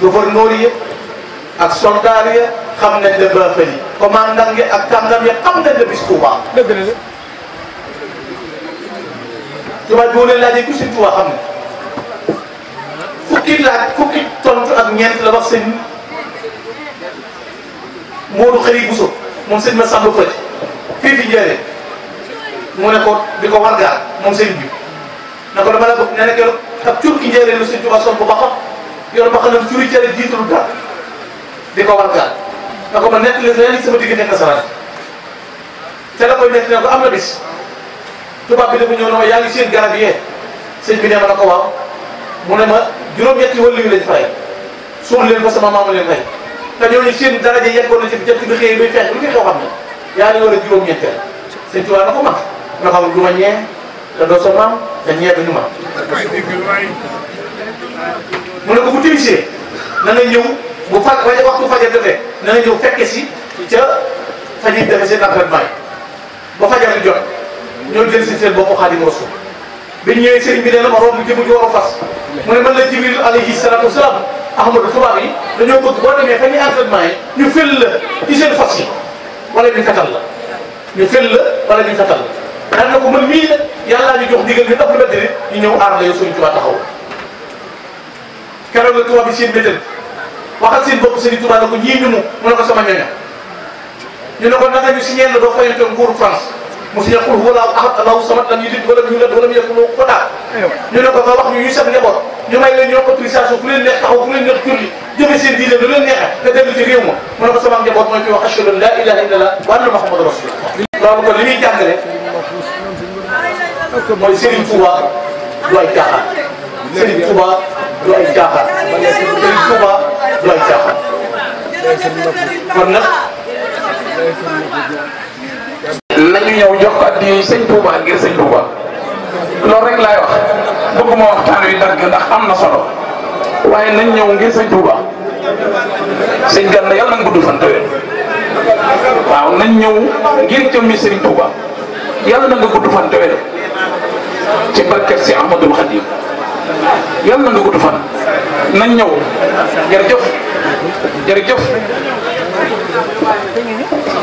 gouverneur yi ak soldat yi xam nañ ne baaxal yi commandant yi ak kàngam yi xam nañ ne bis Tuuba dëgg la tubaab boo leen laajee ku si Tuuba xam fukki laaj fukki tontu ak ñeent la wax sëñ Modou Xëri Bousso moom sëñ ma Samba Fëri fi njëriñ mu ne ko di ko wargaal moom sëñ bi na ko dama la bëgg nee na ab cur ki njëriñ la sëñ Tuubaa sol bu baaxoon yor ba xam ne curi jëriñ jiitul dara di ko wargaal na ko ma nekk leen leneen sama diggante ak nasaraan te la koy nekk ne ko am na bis tubaab bi dafa ñëw ne ma yaa ngi seen garab yee sëñ bi nee ma na ko waaw. mu ne ma juróom-ñetti wàllu yu lañ fay suul leen ko sama maam leen fay te ñooñu seen daraja yeggoon na ci jant bi xëy bay feex lu fi xew xam ne yaa ngi war a juróom-ñetteel sëñ Tuubaa na ko mag nga xam ma ñee te doo sa maam te ñee du ñu ma mu ne bu timisee na nga ñëw bu fa waxtu na nga ñëw fekke si ca faji defe seen boo yi ba fajar jot ñoo jël si seen biñ ñëwee sëriñ bi nee na ma romb jëmm ju war a fas mu ne man la jibril alayhi a wasalaam ahmadu tubaab yi dañoo bëgg boo demee fa ñuy entraînement yi ñu fël la ci seen fas yi wala ñu fetal la ñu fël la wala ñu fetal la daan na ko man mii nag yàllaa ñu jox ndigal ñu daf lu métti nit ñu ñëw aar la yow suñu tubaab taxaw keroog la tubaab yi seen métal waxal seen bopp sëriñ tubaab na ko ñii ñu mu mu ne ko sama ñoña ñu ne ko naka ñu signé la doo fayanteel nguuru France يقول هو لا أحد الله سمت لم يلد ولم يولد ولم يكن له كفدا ينقى الله من يوسف يبط يما إلى نيوك تريسا سفلين نيخ أو فلين نيخ كرلي يما سير دي لدولين نيخ كتب في ريوم من أبو سمان يبط ما يكون أشهر لا إله إلا الله وأن محمد رسول الله رابط اللي مي كان لك ما يسير انتوا لا إكاها سير انتوا لا إكاها سير انتوا لا إكاها فنخ Thank you. nañu ñëw jox ko addi sëñ Touba ngir sëñ Touba loolu rek laay wax bëgguma waxtaan wi dagg ndax am na solo waaye nañ ñëw ngir sëñ Touba sëñ Gana yàlla na gudd fan tawee waaw nañ ñëw ngir jëmmi sëñ Touba yàlla na nga gudd fan tawee ci barket si Ahmadul Xadim yàlla na nga gudd fan nañ ñëw jërëjëf jërëjëf.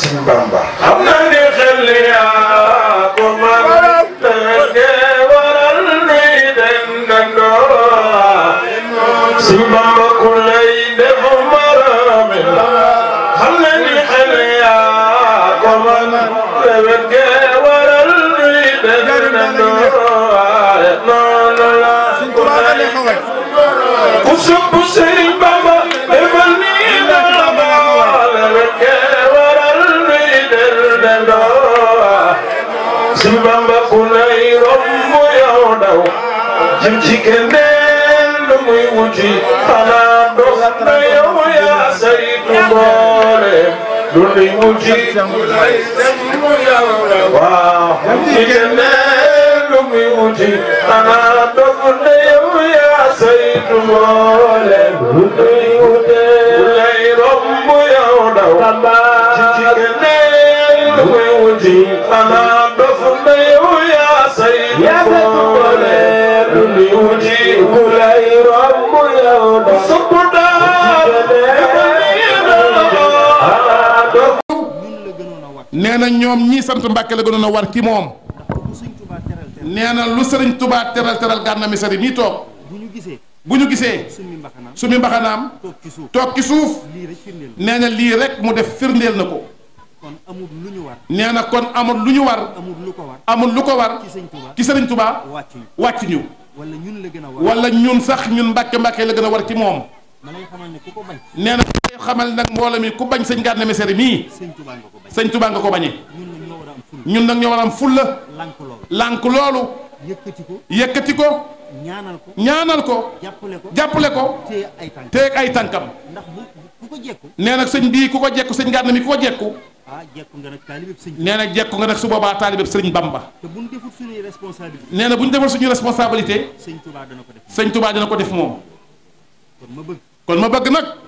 sëñ Bamba. xam na jëm ci gëneel lu muy wuti xanaa dox na yow yaa saytu mbooleem lu muy wuti waaw jëm ci gëneel lu muy wuti xanaa dox na yow yaa saytu mbooleem lu muy wuti lu muy wuti nee na ñoom ñii sant Mbàkke la gënoon a war ci moom nee na lu sëriñ Tubaa teral teral Gana Messere mii toog bu ñu gisee bu ñu gisee sumi mbaxanaam toog ci suuf nee na lii rek mu def firndeel na ko nee na kon amul lu ñu war amul lu ko war ci sëriñ Tubaa wàcc ñu wala ñun sax ñun Mbàkke Mbàkke la gën a war ci moom nee na xamal nag mbooloo mi ku bañ sëñ Gana Messere mii sëñ Tuubaa nga ko bañee ñun nag ñoo war am fulla lànk loolu yëkkati ko yëkkati ko ñaanal ko ñaanal ko jàppale ko jàppale ko teeg ay tànkam ndax ku ko jekku nee nag sëñ bii ku ko jekku sëñ Gana mi ku ko jekku ah jekku nga nag taalibeb sëñ nee na jekku nga nag su boobaa taalibeb sëriñ Bamba. te bu ñu deful suñuy responsabilité. nee na bu ñu deful suñuy responsabilité. sëñ Touba dana ko def sëñ Touba dana ko def moom. kon kon ma bëgg nag.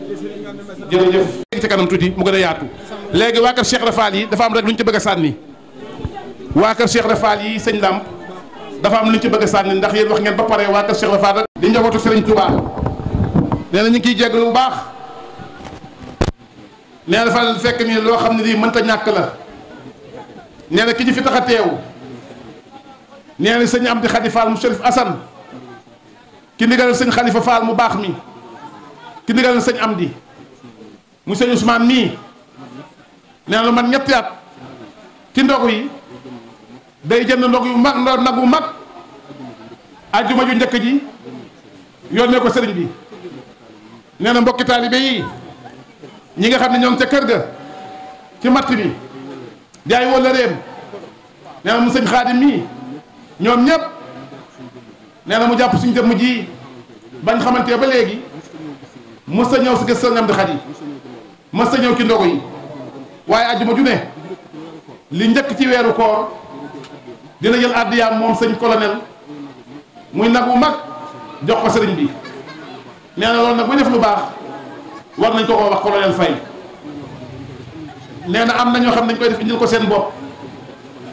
jërëjëf léegi ci kanam tuuti mu gën a yaatu léegi waa kër Cheikh faal yi dafa am rek lu ñu ci bëgg a sànni waa kër Cheikh Rafaal yi sëñ Lamp dafa am lu ñu ci bëgg sànni ndax yéen wax ngeen ba pare waa kër Cheikh faal rek di njabootu Sëriñ Touba nee na ñu ngi kiy jégalu bu baax nee na dafa fekk ni loo xam ne lii mënta ñàkk la nee na ki ñu fi tax a teew nee na sëñ Amdi Khady Fall mu Chérif Assane ki ndigalal sëñ Khalifa Fall mu baax mi ki ndigalal sëñ di mu sëñ Ousmane mii nee na lu mat ñetti at ci ndogu yi day jënd ndog yu mag ndog nag wu mag ajjuma ju njëkk ji yónnee ko sëriñ bi nee na mbokki taalibe yi ñi nga xam ne ñoom ca kër ga ci matt bi di ay wóllëreem nee na mu sëñ xaadim mii ñoom ñëpp nee na mu jàpp suñu jëmm ji bañ xamante ba léegi mos a ñëw si gis sëñ am di xat yi ma sa ci ndogu yi waaye àjjuma ju ne li njëkk ci weeru koor dina jël àddiyaam moom sëñ colonel muy nag wu mag jox ko sëriñ bi nee na loolu nag bu def lu baax war nañ ko koo wax colonel Faye nee na am na ñoo xam ne dañ koy def indil ko seen bopp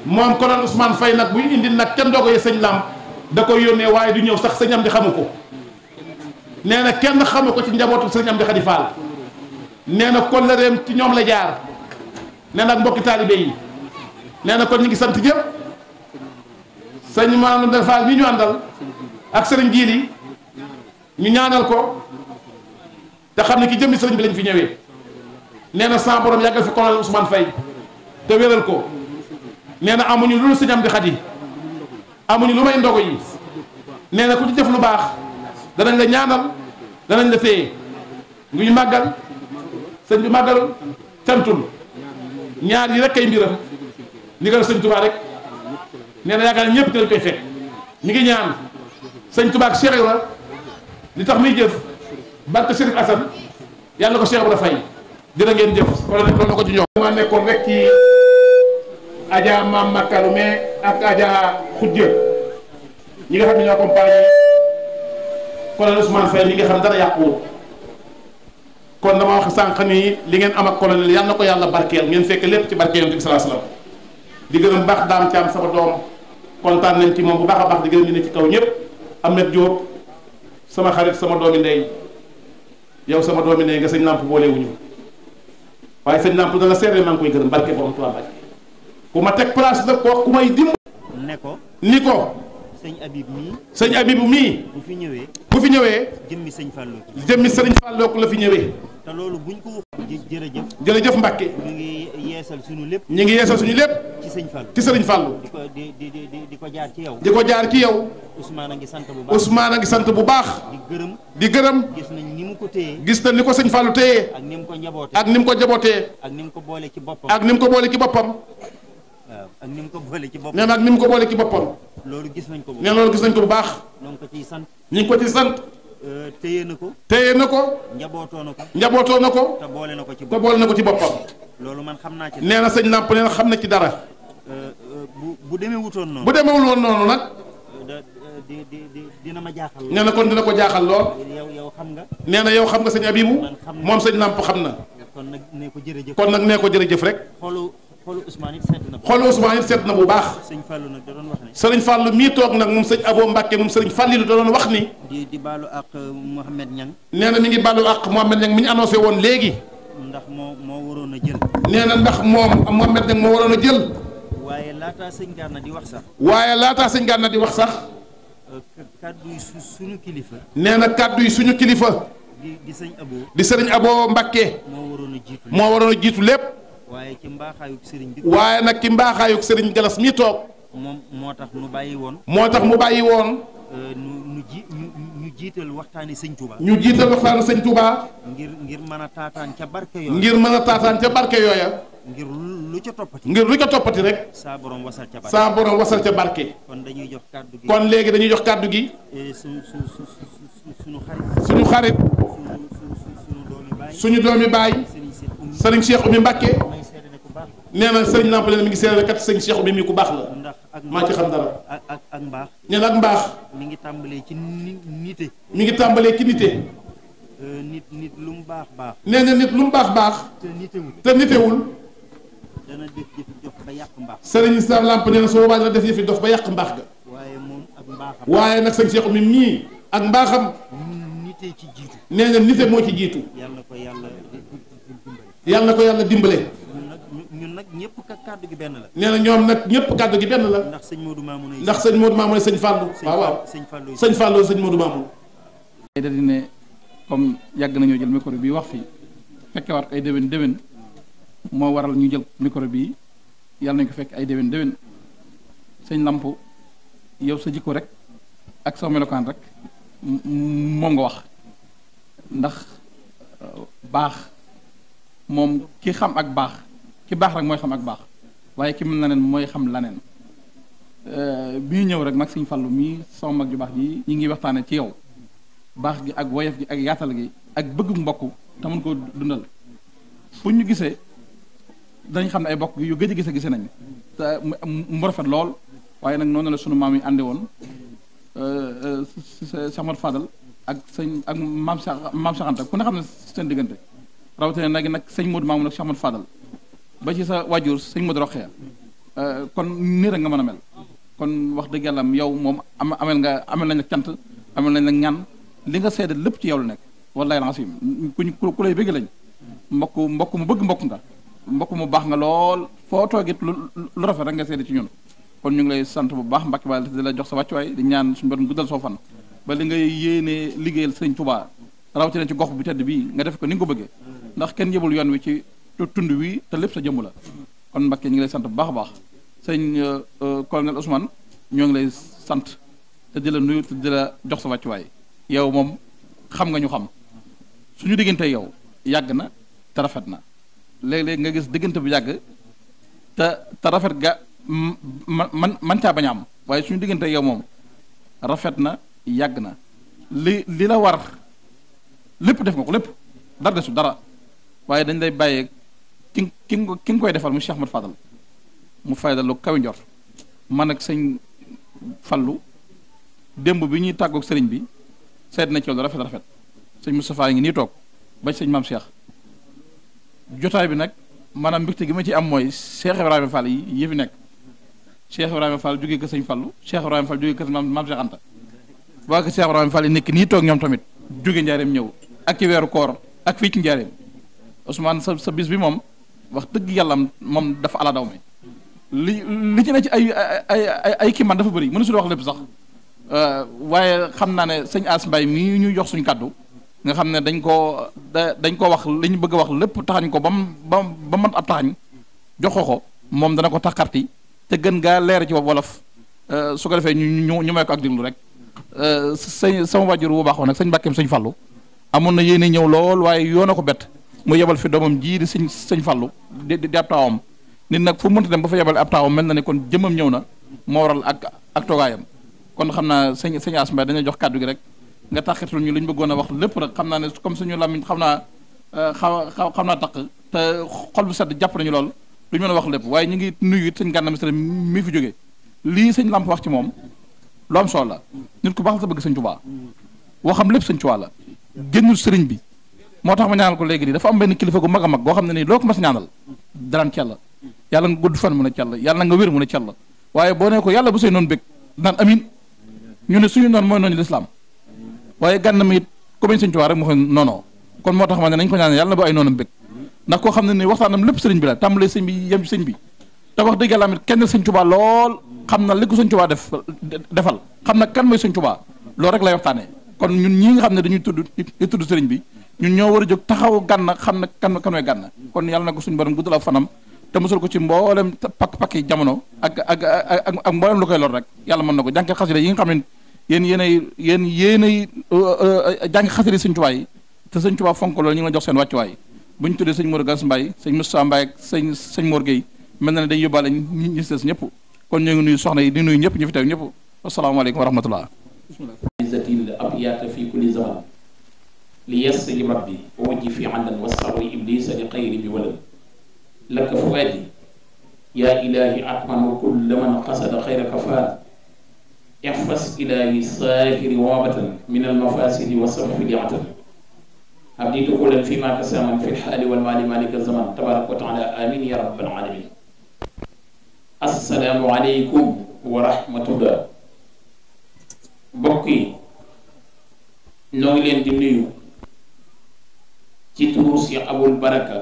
moom colonel Ousmane fay nag buy indi nag kenn doo ko sëñ Lamp da koy yónnee waaye du ñëw sax sëñ am di xamu ko nee na kenn xamu ko ci njabootu sëñ am di xadi nee na kollëreem ci ñoom la jaar nee na ak mbokki taalibe yi nee na kon ñu ngi sant ñëpp sëñ maanaam dafa mi ñu àndal ak sëriñ jiili ñu ñaanal ko te xam ne ki jëmmi sëriñ bi lañ fi ñëwee nee na sa borom yàggal fi colonel Ousmane Faye te wéral ko nee na amuñu lu sëñ am di xat amuñu lu may ndogo yi nee na ku ci def lu baax danañ la ñaanal danañ la téye nguñu màggal sëñ bi màggal cantul ñaar yi rek kay mbiram ndigal sëñ touba rek neena yaakaar ñepp te lañ koy fekk mi ngi ñaan sëñ touba ak Cheikh Ibra li tax muy jëf barke Chérif Assane yalla ko Cheikh Ibra fay dina ngeen jëf wala nekkoon ko ci ñoom. ma nekkon rek ci Adja makalu me ak Adja xudje ñi nga xam ñoo accompagné colonel Ousmane fay mi nga xam dara yàquwul. kon dama wax sànq ni li ngeen am ak colonel yal na ko yàlla barkeel ngeen fekk lépp ci barke yonent bi sallallahu alayhi wasallam di gërëm baax daam ci sama doom kontaan nañ ci moom bu baax a baax di gërëm ñu ne ci kaw ñëpp Ahmed Diop sama xarit sama doomi ndey yow sama doomi ndey nga sëñ nàmp boolewuñu waaye sëñ nàmp dana seere maa ngi koy gërëm barke boobu Tuubaa barke ku ma teg place la koo ku may dimb ko ni ko sëñ abib mii. sëñ Habib mii. bu fi ñëwee. bu fi ñëwee. jëmmi sëñ Fallou. jëmmi sëñ Fallou la fi ñëwee. te loolu buñ ko waxee. jërëjëf. jërëjëf Mbacke. ñu ngi yeesal suñu lépp. ñu ngi yeesal suñu lépp. ci sëñ Fallou ci sëñ Fallou. di ko di jaar ci yow. di ko jaar ci yow. Ousmane a ngi sant bu baax a ngi sant bu baax. di gërëm di gërëm. gis nañ ni mu ko téye. gis nañ ni ko sëñ Fallou téye. ak ni mu ko njabootee ak ni mu ko njabootee. ak ni mu ko boole ci boppam. ak ni mu ko boole ci boppam. ak ni mu ko boole ci boppam nee na ak ni mu ko boole loolu gis nañ ko bu baax nee loolu gis nañ ko bu baax. ñoo ngi ko sant. ñu ngi ko euh, ko. téye na ko. njabootoo na ko. njabootoo na ko. te na ko ci boppam na ko ci boppam. loolu man xam naa ci. nee na sëñ Lamp xam na ci dara. Euh, euh, bu bu demee wutoon noonu. bu demee wutoon noonu nag. di di dina ma jaaxal lool. nee na kon dina ko jaaxal lool. yow yow xam nga. nee na yow xam nga sëñ Abibu. moom sëñ Lamp xam na. kon nag nee ko jërëjëf. kon nag nee ko jërëjëf rek. xolu Ousmane it sedd na. xolu Ousmane it sedd na bu baax. sëriñ Fallou nag da doon wax ni. sëriñ Fallou mii toog nag moom sëñ Abo Mbacke moom sëriñ Fallou da doon wax ni. di di baalu ak euh, Mouhamed Niang. nee na mi ngi baalu ak Mouhamed Niang mi ñu annoncé woon léegi. ndax moo moo waroon a jël. nee na ndax moom Mouhamed Niang moo waroon a jël. waaye laataa sëñ Gana di wax sax. waaye laataa sëñ Gana di wax sax. Euh, kaddu yi suñu kilifa. nee na kaddu yi suñu kilifa. di di sëriñ Abo Mbacke. moo waroon a jiitu lépp waaye ci mbaaxaayug sëriñ bi. waaye nag ci Galas mi toog. moom moo tax mu bàyyi woon. moo tax mu bàyyi woon. Euh, ñu ji ñu jiital waxtaani sëñ Touba. ñu jiital waxtaani sëñ Touba. ngir ngir mën a taataan ca barke yooya. ngir mën a taataan ngir lu ca toppati. ngir lu ca toppati rek. saa borom wasal ca barke. saa borom wasal ca barke. kon dañuy jox kàddu gi. léegi dañuy jox kàddu gi. Eh, suñu suñu xarit. suñu doomi baay. sëriñ Cheikh Oumy Mbacke. nee na sëriñ Lamp leen mi ngi seere kat sëñ Cheikh bi mi ku baax la. maa ci xam dara. ak mbaax. nee ak mbaax. mi ngi tàmbalee ci nite. mi ngi tàmbalee ci nite. Euh, nit nit lu mu baax baax. nee na nit lu mu baax baax. te nitewul te nitewul. dana def yëfi dof yàq mbaax. sëriñ Sam Lamp nee na su boobaa dana def yëfi dof ba yàq mbaax ga. waaye moom ak mbaaxam. waaye nag sëñ Cheikh mi mii ak mbaaxam. nite ci jiitu. nee na nite moo ci jiitu. yàlla na ko yàlla dimbale. yàlla ko yàlla dimbale. ñun nag ñëpp kàddu gi benn la. nee na ñoom nag ñëpp kàddu gi benn la. ndax sëñ Modou Mamoun ay ndax sëñ Modou Mamoun ay sëñ Fallou. waaw waaw sëñ Fallou sëñ Fallou sëñ Modou Mamoun. ay da di ne comme yàgg nañoo jël micro bi wax fii fekkewaat ko ay déwén déwén moo waral ñu jël micro bi yàlla nañ ko fekk ay déwén déwén sëñ Lamp yow sa jikko rek ak sa melokaan rek moo ngi wax ndax euh, baax moom ki xam ak baax. ki baax rek mooy xam ak baax waaye ki mën laneen mooy xam laneen euh, bii ñëw rek mag Sëñ Fallu mii sama mag ju baax ji ñi ngi waxtaane ci yow baax gi ak woyof gi ak yaatal gi ak bëggu mbokk te mun koo dundal bu ñu gisee dañ xam ne ay bokk yu gëj a gise gise nañ te mu rafet lool waaye nag noonu la sunu maam yi àndi woon euh, euh, Cheikh Mor Fadal ak sëñ ak maam Cheikh maam ne xam ne seen diggante rawatina nag nag sëñ Modou Mamoun ak Cheikh Mor Fadal ba ci sa waajur sëñ Modou Rokhaya euh, kon nii rek nga mën a mel wax dëgg yàlla yow moom am amel nga amel nañ la cant amel nañ la ñaan li nga seede lépp ci yow la nekk wallahi ku lay bëgg lañ mbokk mbokk mu mbokk nga mbokk mu baax nga lool foo toogit lu lu rafet nga seede ci ñun kon ñu ngi lay sant bu baax mbakki baal di la jox sa wàccuwaay di ñaan suñu borom guddal soo fan ba li ngay yéenee liggéeyal sëñ Touba rawatina ci gox bi tedd bii nga def ko ni nga ko bëggee ndax kenn yëbul yoon wi ci tund wii te lépp sa jëmm la kon Mbakke ñu ngi lay sant bu baax a baax sëñ euh, euh, colonel Ousmane ñoo ngi lay sant te di la nuyu te di la jox sa wàccuwaay yow moom xam nga ñu xam suñu diggante yow yàgg na te rafet na léeg-léeg nga gis diggante bu yàgg te te rafet ga man man caa bañ a am waaye suñu diggante yow moom rafet na yàgg na li li la war lépp def nga ko lépp dara desu dara waaye dañ lay bàyyi ki ki nga koy defal mu seex Ahmad Fadal mu faydal lu kawi njor man ak sëñ Fallu démb bi ñuy tàggook sëriñ bi seet na ci lu rafet rafet sëñ Moustapha yi ngi nii toog ba sëñ maam jotaay bi nag maanaam mbégte gi ma ci am mooy Cheikh Ibrahima Fall yi yëfi nekk Cheikh Ibrahima Fall jógee ko sëñ Fallu Cheikh Ibrahima Fall jógee ko sëñ maam Cheikh Anta waa ko Cheikh Ibrahima Fall yi nekk nii toog ñoom tamit jóge njaareem ñëw ak ci weeru koor ak fii ci njaareem Ousmane sa bi moom wax dëgg yàlla moom dafa ala daw mi li li ci ne ci ay ay ay ay kii man dafa bëri mënu su wax lépp sax euh, waaye xam naa ne sëñ As Mbaye mii ñu jox suñ kàddu nga xam ne dañ koo dañ ko wax li ñu bëgg a wax lépp taxañ ko ba mu bam ba mën ab taxañ joxoo ko moom dana ko taxarti te gën gaa leer ci wolof euh, su ko defee ñu ñu may ko ak diglu rek euh, sëñ sama wàjjur bu baaxoon nag sëñ Mbàkkeem sëñ Fallou amoon na yéene ñëw lool waaye yoona ko bett. mu yebal fi doomam jii di sëñ sëñ Fallu di di ab taawam nit nag fu mënta dem ba fa yebal ab taawam mel na ne kon jëmmam ñëw na moo waral ak ak toogaayam kon xam naa sëñ sëñ Asmbaay dañoo jox kàddu gi rek nga taxitul ñu li ñu bëggoon a wax lépp rek xam naa ne comme suñu làmmiñ xam naa euh, xaw xam naa taq te xol bu sedd jàpp nañu lool duñu mën a wax lépp waaye ñu ngi nuyu it sëñ Gana Messere mi fi jógee lii sëñ Lamp wax ci moom lu am solo la nit ku baax la sa bëgg sëñ Tuubaa waxam lépp sëñ Tuubaa la génnul sëriñ bi motax ma ñaanal ko legui nii dafa am ben kilifa gu maga mag go xamne ni loko ma ñaanal mas ci yalla yalla nga gudd fan mu ne yalla yalla nga wër mu ne yalla waye bo ne ko yalla bu sey non bég nan amin ñu ne suñu non moy non l'islam waye gann mi ko bañ war rek mu xon nono kon motax ma ne nañ ko ñaanal yalla bu ay nonam bég ndax ko xamne ni waxtanam lepp lépp bi la tàmbalee sëñ bi yam sëñ bi ta wax deug yalla amit kenn lol xamna na li ko def defal xamna na kan moy sëñ Tuubaa lol rek lay waxtane kon ñun ñi nga xamne dañuy tuddu tuddu bi ñun ñoo war a jóg taxaw gànna xam ne kan kan way gànna kon yàlla na ko suñu borom guddal fanam te mosul ko ci mboolem pakk-pakki jamono ak ak ak ak mboolem lu koy lor rek yàlla mën na ko jànke xasida yi nga xam ne yen yéen ay yéen yéen ay euh, euh, jànke xasida yi sëñ Tuubaa te sëñ Tuubaa fonk loolu ñu ngi jox seen wàccuwaay ñu tuddee sëñ Mor Gas Mbaye sëñ Moussa Mbaye ak sëñ sëñ Mor Gueye mel na ne day yóbbaale ñi ñi des ñëpp kon ñoo ngi nuyu soxna yi di nuyu ñëpp ñu fi teew ñëpp asalaamaaleykum wa rahmatullah bismillah ليصل ربي ووجه في عنا وسر إبليس لقير بولد لك فؤادي يا إلهي أطمن كل من قصد خير فات احفظ إلهي الساهر وابة من المفاسد وصف لعتب أبدي دخولا فيما تسامن في الحال والمال مالك الزمان تبارك وتعالى آمين يا رب العالمين السلام عليكم ورحمة الله بقي نويلين دي نيو تيتور سي ابو البركه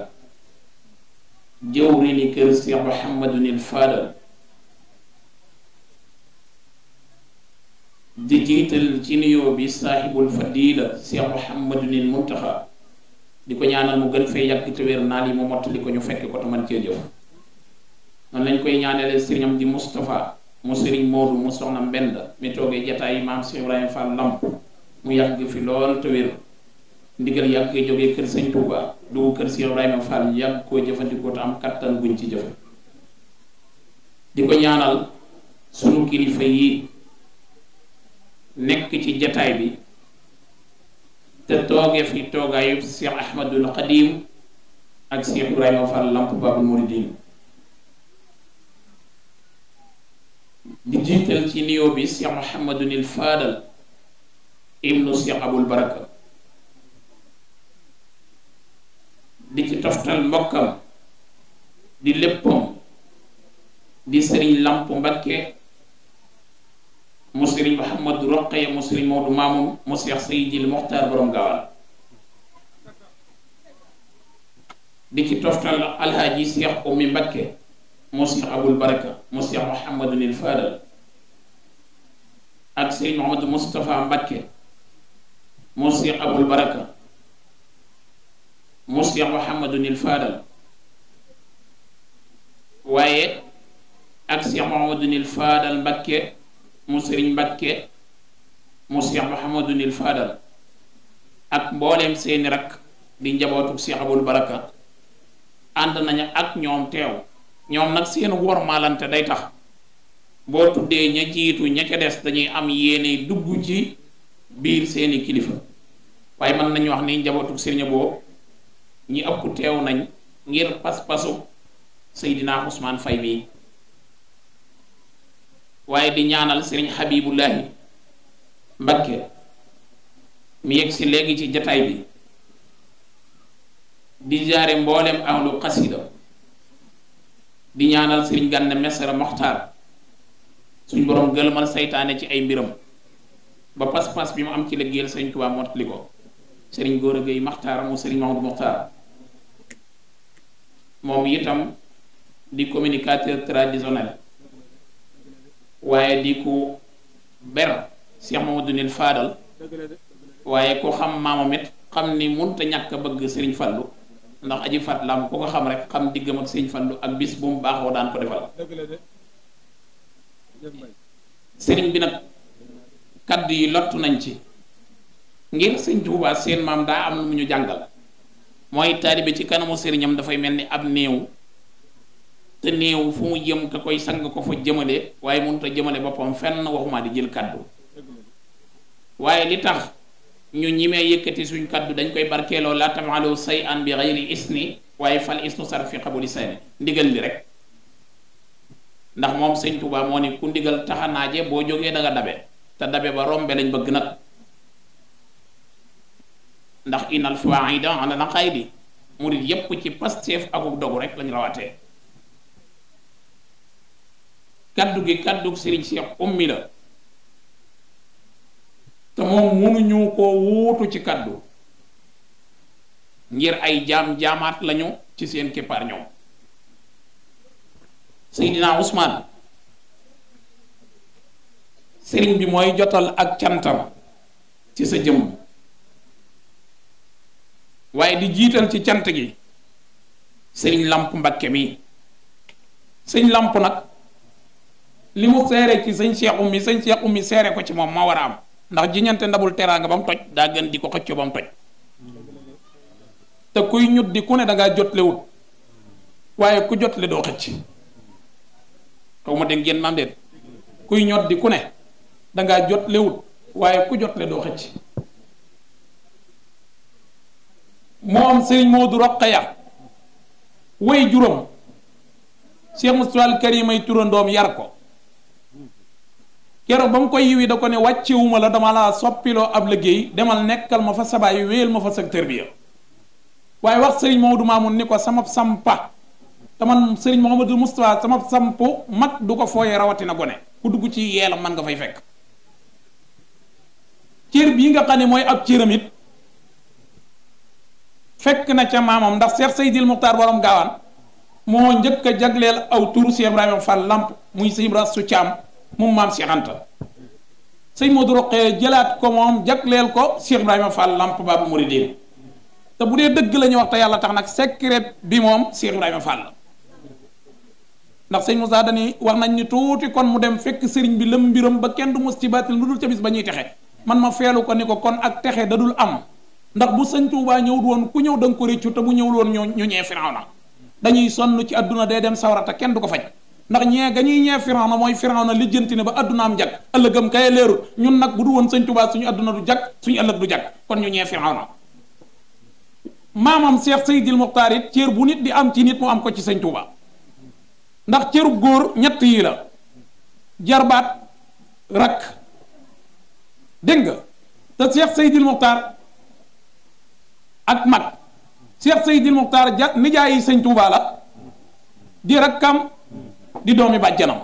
جوري لي كرسي محمد الفادر ديجيت الجينيو بي صاحب الفضيله سي محمد المنتخى ديكو نيانا مو گن في ياك تير نالي مو مات ليكو ني فك كو تمان تي ديو نون لاني كوي نيانا لي سيرنم دي مصطفى مو سيرن مود مو سوخنا مبند مي توغي جتاي امام سي ابراهيم فالام مو ياك في لول تير ndigal yàgg koy jógee kër sëñ Touba dugg kër sëñ Ibrahim Fall yàgg koo jëfandikoo te am kattan buñ ci jëfe di ko ñaanal sunu kilifa yi nekk ci jataay bi te toogee fi toogaayu Cheikh Ahmadul Qadim ak Cheikh Ibrahim Fall Lamp Babu Mouridine di jiital ci nuyoo bi Cheikh Mouhamadunil Fadal ibnu Cheikh Abul Baraka di ci toftal mbokkam di léppam di sëriñ lamp mbakke mu sëriñ Mouhamadou Roqaya mu sëriñ Maodo Mamoum mu seex Seydil Moxtaar borom gaawal di ci toftal alhaaji seex ummi mbakke mu seex abul baraka mu seex Mouhamadou Nil Fadal ak sëriñ Mouhamadou Moustapha Mbakke mu seex abul baraka muslim muhammadun il faadal waaye ak seex muhammadun il faadal mbakke mu sëriñ mbakke mu faadal ak mbooleem seeni rakk di njabootu seex abul baraka ànd nañu ak ñoom teew ñoom nag seen wormaalante day tax boo tuddee ña jiitu ña ca des dañuy am yéene dugg ci biir seeni kilifa waaye mën nañu wax ni njabootu sëriñ boo ñi ëpp teew nañ ngir pas-pasu Seydina Ousmane fay bi waaye di ñaanal sëriñ Habibullahi Mbakke mi yegg si léegi ci jataay bi di jaare mboolem ahlu xasida di ñaanal sëriñ Gana Messere Moxtaar suñ borom gëlmal seytaane ci ay mbiram ba pas-pas bi mu am ci liggéeyal sëriñ Tuubaa mottali ko sëriñ Góora Gay Maxtaar mu sëriñ Mahmud Moxtaar moom itam di communicateur traditionnel waaye di ku ber Cheikh Mamadou Nil Faadal waaye ku xam maamam it xam ni munta ñàkk a bëgg sëriñ Fallou ndax aji fat lam ku ko xam rek xam diggam ak Serigne Fallou ak bis bu mu baaxoo daan ko defal Serigne bi nag kaddu yi lottu nañ ci ngir Serigne Touba seen maam daa am mu ñu jàngal. mooy taalibe ci kanamu sëriñam dafay mel ni ab néew te néew fu mu jëm ka koy sang ko fa jëmale waaye mënut a jëmale boppam fenn waxuma di jël kàddu waaye li tax ñu ñimee yëkkati suñ kaddu dañ koy barkeeloo laa tamalu say an bi xayri waaye fal isnu sar fi xabuli sayni ndigal li rek ndax moom sëñ Tuubaa moo ni ku ndigal taxanaaje boo jógee danga dabe te dabe ba rombe lañ bëgg nag ndax inal fa'ida ala naqaydi murid yep ci pastef ak dogu rek lañ rawate kaddu gi kaddu sëriñ cheikh ummi la te munu ñu ko wootu ci kaddu ngir ay jam jamat lañu ci seen keppaar ñom sayidina usman sëriñ bi moy jotal ak cantam ci sa jëm waaye di jiital ci cant gi sëñ làmp Mbakke mi sëñ Lamp nag li mu seere ci sëñ Cheikh Oumy sëñ Cheikh Oumy seere ko ci moom ma war a am ndax jiñante ndabul teraanga ba mu toj daa gën di ko xëccoo ba mu toj te kuy ñut di ku ne da ngaa jotlewut waaye ku jotle doo xëcc ngeen maam kuy ñot di ku ne da ngaa waaye ku jotle doo xëcc moom sëriñ Moodu Roqaya way juróom Cheikh Moustapha yi may turandoom yar ko keroog ba mu koy yiwi da ko ne wàccewuma la dama la soppiloo ab liggéey demal nekkal ma fa sabaay wéyal ma fa sa tërbiya waaye wax sëriñ Moodu Maamun ni ko sama sampa taman sëriñ Mouhamadou Moustapha sama samp mag du ko fooyee rawatina gone ku dugg ci yeelam man nga fay fekk cër bii nga xam ne mooy ab cëram fekk na ca maamam ndax Cheikh Seydil Muxtaar borom gawan mo ñëkk a aw turu Cheikh ibrahim Fall Lamp muy cheikh ibrahim su cham mum maam Cheikh Anta sëñ Modou roqé jëlaat ko mom jagleel ko Cheikh ibrahim Fall Lamp Babu Mouridine te bu dee dëgg la ñu wax te yàlla tax nag secret bi moom Cheikh Ibrahima Fall ndax sëñ Moussa dañi wax nañ ni tuuti kon mu dem fekk sëriñ bi lëm mbiram ba kenn du mos ci baatil lu dul ca bis ba ñuy texe man ma feelu ko ni ko kon ak texe da dul am. ndax bu sëñ Tuubaa ñëwut woon ku ñëw da ko réccu te bu ñëwul woon ñu ñu ñee Firawna dañuy sonn ci àdduna day dem sawara te kenn du ko faj ndax ñee ga ñuy ñee Firawna mooy Firawna lijjanti ne ba addunaam jag ëllëgam kay leerut ñun nag bu du woon sëñ Tuubaa suñu àdduna du jag suñu ëllëg du jag kon ñu ñee Firawna maamam Cheikh Seydil Mokhtar it cër bu nit di am ci nit mu am ko ci sëñ Tuubaa ndax cëru góor ñett yi la jarbaat rakk dégg nga te Cheikh Seydil ak mag Cheikh Seydil Muxtaar ja nijaayi sëñ Tuuba la di rakkam di doomi bàjjanam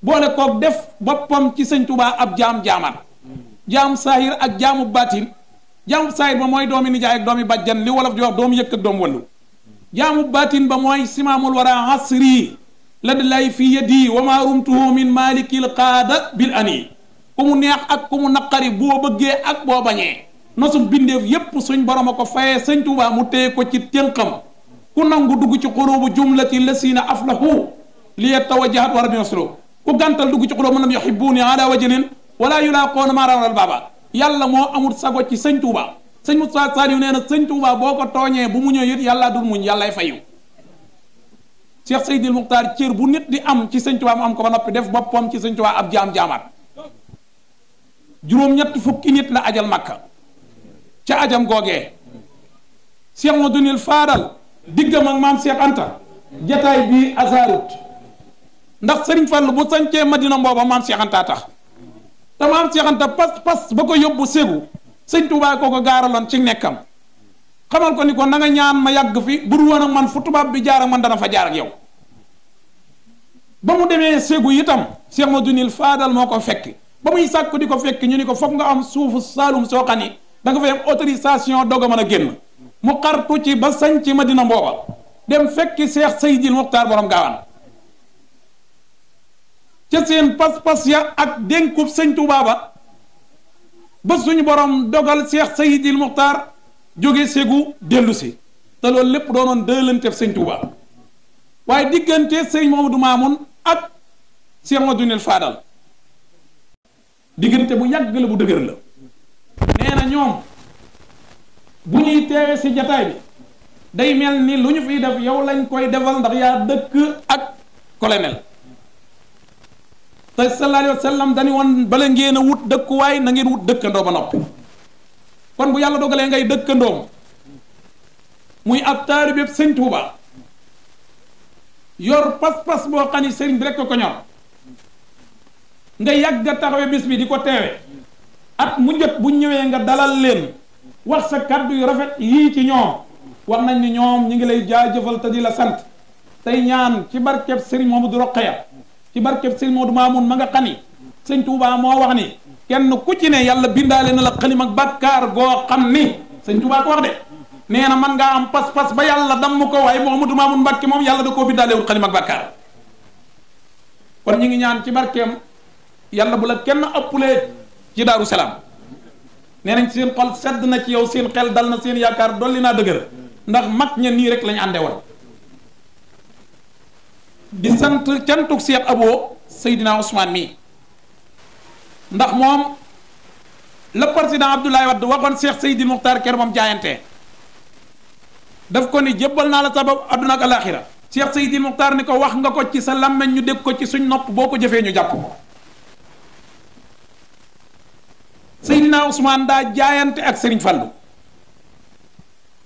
boole koog def boppam ci sëñ ab jaam jaamaat jaam saahir ak jaamu baatin jaamu saahir ba mooy doomi nijaay ak doomi bàjjan li wolof di wax yëkk ak doomu wëllu jaamu baatin ba mooy simaamul wara asri la di lay fi yadi wa maa rumtuhu min maalikil qaada bil ani ku mu neex ak ku mu naqari boo bëggee ak boo bañee nosum bindeef yépp suñ borom a ko fayee sëñ Tuubaa mu téye ko ci tënkam ku nangu dugg ci xulubu jumlati lasina aflahu liye tawajahat war bioslo ku gàntal dugg ci xulóobu mën nam yuhibuuni ala wajinin wala yulaaqoona maarawaral baaba yàlla moo amul sago ci sëñ Tuubaa sëñ Moussa Saliou nee na sëñ boo ko tooñee bu mu ñëw it yàllaa dul muñ yàllaay fayu Cheikh Seydil Muxtaar cër bu nit di am ci sëñ mu am ko ba noppi def boppam ci sëñ ab jaam jaamaat juróom nit la ajal Makka ca ajam googee Cheikh Modou Fadal diggam ak maam Cheikh Anta jataay bii asaarut ndax Serigne Fallou bu sancee Madina mbooba maam Cheikh Anta tax te maam Cheikh Anta pas pas ba ko yóbbu Ségou sëñ Touba ko ko gaaraloon ci nekkam xamal ko ni ko na nga ñaan ma yàgg fi bur woon ak man fu tubaab bi jaar ak man dana fa jaar ak yow ba mu demee Ségou itam ma Modou Fadal moo ko fekk ba muy sàkk di ko fekk ñu ni ko foog nga am suufu Saalum soo xani da nga fay am autorisation dogo a genn mu xartu ci ba sañ ci Madina Mboobal dem fekki cheikh sayyidil Muxtaar borom gawan ci seen pas-pas ya ak dénkub sëñ Tuubaa ba ba suñu borom dogal seex Seydil Muxtaar jóge segu delusi si te loolu lépp doonoon dëlanteef sëñ Tuubaa waaye digeunte sëñ Mamadou Mamoun ak cheikh Mamadou Fadal digeunte bu yagg la bu dëgër la neena ñoom bu ñuy teewe si jataay bi day mel ni lu ñu fiy def yow lañ koy defal ndax yaa dëkk ak colonel te sallallahu alayhi wasallam sallam dañu woon bala ngeen a wut dëkkuwaay na ngeen wut dëkkandoo ba noppi kon bu yàlla dogalee ngay dëkkandoom muy ab taalibe sëñ Tuuba yor pas-pas boo xani ni sëriñ bi rek ko ñor nga yàgg a bis bi di ko at mu jot bu ñëwee nga dalal leen wax sa kaddu yu rafet yii ci ñoom wax nañ ni ñoom ñi ngi lay jaajëfal te di la sant tey ñaan ci barkeb sëriñ Mamadou roqeya ci barkeb sëriñ Mamadou Mamoun ma nga xani sëñ Touba moo wax ni kenn ku ci ne yàlla bindaale na la xalim ak bàkkaar goo xam ni sëñ Touba ko wax de nee na man ngaa am pas-pas ba yàlla damm ko waaye Mamadou Mamoun Mbacke moom yàlla da koo bindaalewul xalim ak bàkkaar kon ñi ngi ñaan ci barkeem yàlla bu la kenn ëppulee ci daaru salaam nañ seen xol sedd na ci yow seen xel dal na seen yaakaar dolli naa dëgër ndax mat ña nii rek lañu ànde woon di sant cantug seet aboo Seydina Ousmane mii ndax moom le président Abdoulaye Wade waxoon Cheikh Seydi Muxtaar ker moom jaayante daf ko ni jébbal naa la sabab adduna ak alaxira Cheikh Seydi Muxtaar ni ko wax nga ko ci sa làmmeñ ñu dégg ko ci suñ nopp boo ko jëfee ñu jàpp ko Seydina Ousmane da jaayante ak Serigne Fallou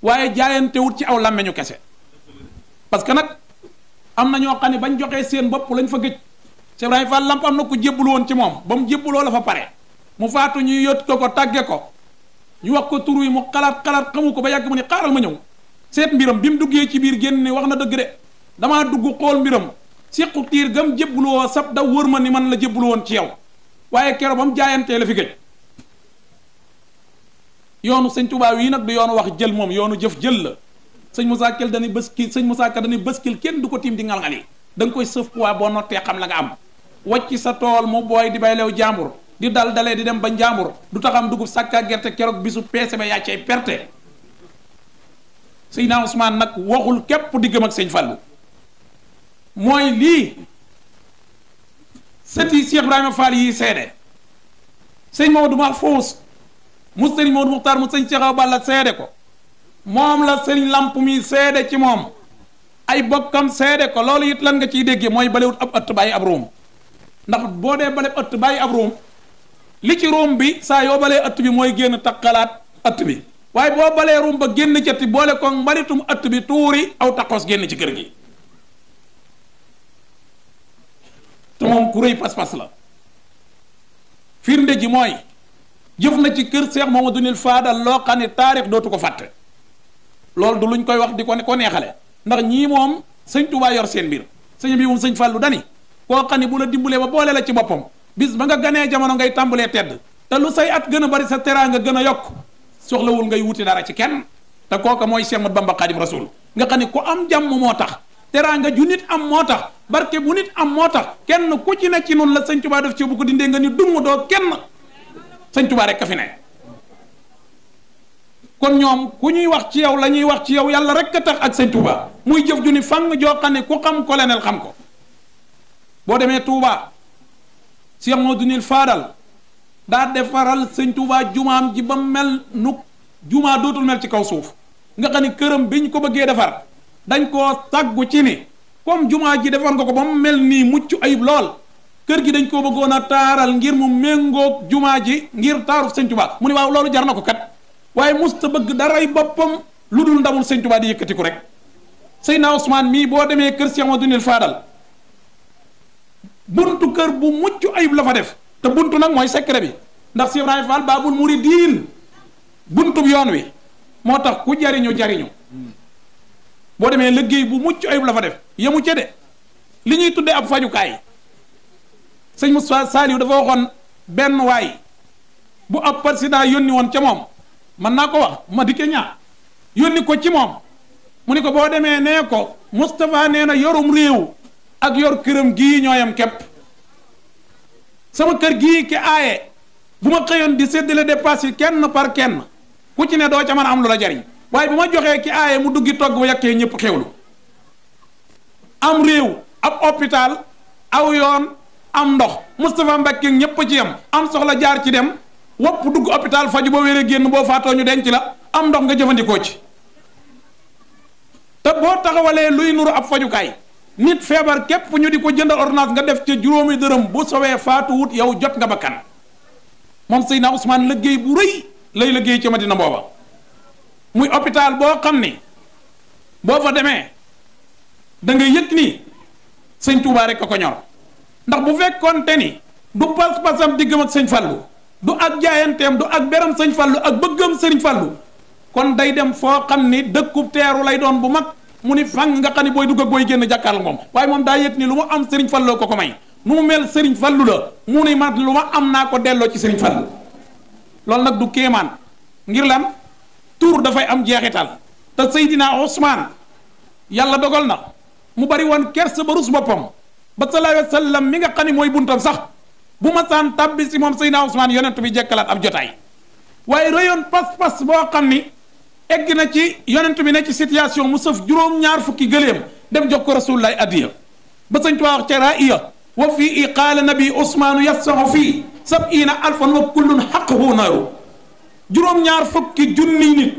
waaye jaayante wut ci aw làmmeñu kese parce que nak am ño xani xam ne bañ joxee seen bopp lañ fa gëj Cheikh ibrahim Fall Lamp amna ko ku won ci mom bam mu jébbuloo la fa paré mu faatu ñuy yott ko ko tagge ko ñu wax ko tur mu xalat xalat xamu ko ba yag mu ne xaaral ma ñew set mbiram bim duggé ci bir waxna deug dé dama dugg xol mbiram sikku tir gam sab da wërma ni man la won ci yow waaye kéro bam mu la fi gëj yoonu sëñ Tuubaa wi nak du yoonu wax jël moom yoonu jëf jël la sëñ Moussa kel dañi bës kii sëñ Moussa Kell dañuy bës kenn du ko di ngal-ngali dang koy seuf poids bo noté xam la nga am wacc sa tol mu boy di bay leew di dal dalé di dem ba jambour du taxam dugub sakka gerte kérok bisu PCB ya cay perte Seydina Ousmane nak waxul kep di gëm ak sëñ Fallou moy li sëti Cheikh Ibrahima Fall yi sédé seigne Mamadou mu sëriñ Maodo Muxtaar mu sëriñ Cheikh Awa Balla seede ko moom la sëriñ làmp mi seede ci moom ay bokkam seede ko loolu it lan nga ciy déggee mooy balewut ab ëtt bàyyi ab room ndax boo dee bale ëtt bàyyi ab ruum li ci room bi saa yoo balee ëtt bi mooy génn takkalaat ëtt bi waaye boo balee ruum ba génn cati boole ko mbaritum ëtt bi tuuri aw taqoos génn ci kër gi te moom ku rëy pas-pas la firnde ji mooy jëf na ci kër Cheikh Mamadou Nil Fadal loo xam ne taarix dootu ko fàtte loolu du luñ koy wax di ko ko neexale ndax ñii moom sëñ Touba yor seen mbir sëñ bi moom sëñ Fallou dani koo xam ne bu la dimbalee ba boole la ci boppam bis ba nga ganee jamono ngay tàmbalee tedd te lu say at gën a bari sa teraanga gën a yokk soxlawul ngay wuti dara ci kenn te kooka mooy Cheikh Mat Bamba Xaadim Rasul nga xam ne ku am jàmm moo tax teraanga ju nit am moo tax barke bu nit am moo tax kenn ku ci ne ci la sëñ Touba def ci bu dindee nga ni dum doo kenn sëñ Tuubaa rek ka fi ne kon ñoom ku ñuy wax ci yow lañuy wax ci yow yàlla rek a tax ak sëñ Tuubaa muy jëf ju ni fang joo xam ko leneen xam ko boo demee Touba Cheikh Modou Nil Fadal daa defaral sëñ Touba jumaam ji ba mel nu jumaa dootul mel ci kaw suuf nga xam ne këram biñ ko bëggee defar dañ koo tàggu ci ni comme jumaa ji defar nga ko ba mu mel nii mucc ayib lool kër gi dañ ko bëggoon a taaral ngir mu méngoog jumaa ngir taaru sëñ Tuubaa mu ni waaw loolu jar na kat waaye musta bëgg daray boppam lu dul ndamul sëñ Tuubaa di yëkkatiku rek Seydina Ousmane mii boo demee kër Cheikh Madounil Fadal buntu kër bu mucc ayib la fa def te buntu nag mooy secret bi ndax Cheikh ibrahim Fall baabul muridiin buntub yoon wi moo tax ku jariñu jariñu boo demee liggéey bu mucc ayib la fa def yamu ca de li ñuy tuddee ab fajukaay sëñ Moustapha Saliou dafa waxoon benn waay bu ab président yónni woon ca moom man naa ko wax ma di ke ñaa yónni ko ci moom mu ni ko boo demee nee ko Moustapha nee na yorum réew ak yor këram gii ñooyam képp sama kër gii ki aaye bu ma xëyoon di séddale dépasse yi kenn par kenn ku ci ne doo ca mën am lu la jariñ waaye bu ma joxee ki aaye mu duggi togg ba yàkkee ñëpp xewlu am réew ab hôpital aw yoon am ndox Moustapha Mbacke ñëpp a ci yem am soxla jaar ci dem wopp dugg hôpital faju ba wéer génn boo faatoo ñu denc la am ndox nga jëfandikoo ci te boo taxawalee luy nuru ab fajukaay nit feebar képp ñu di ko jëndal ordonnance nga def ca juróomi dërëm bu sowee faatuwut yow jot nga bakkan moom Seydina Ousmane liggéey bu rëy lay liggéey ca Madina booba muy hôpital boo xam ni boo fa demee da nga yëg ni sëñ Touba rek a ko ñor. ndax bu te ni du pas-pasam diggam ak sëñ fallu du ak jaayanteem du ak beram sëñ Fallou ak bëggam sëñ Fallou kon day dem foo xam ni dëkkub teeru lay doon bu mag mu ni fang nga xam ni booy dugg ak booy génn jàkkaarloo moom waaye moom daa yëg ni lu mu am sëriñ Fallou ko ko may nu mu mel sëriñ Fallou la mu ne man lu ma am naa ko delloo ci sëriñ Fallou loolu nag du kemaan ngir lan tuur dafay am jeexital te Seydina Ousmane yàlla dogal na mu bari woon kersa ba rus boppam. ba sallallahu alayhi wa sallam mi nga xam ne mooy buntam sax bu ma saan tàbbi si moom Seydina Ousmane yonent bi jekkalaat ab jotaay waaye reyoon pas-pas boo xam ni egg na ci yonent bi ne ci situation mu juroom juróom-ñaar fukki gëléem dem jox ko rasulullahi addiya ba sëñ Tuubaa wax ca ra'iya wa fii qaala nabi usman yassahu fii sab'iina alfan wa kullun haqquhu naaru juróom-ñaar fukki junni nit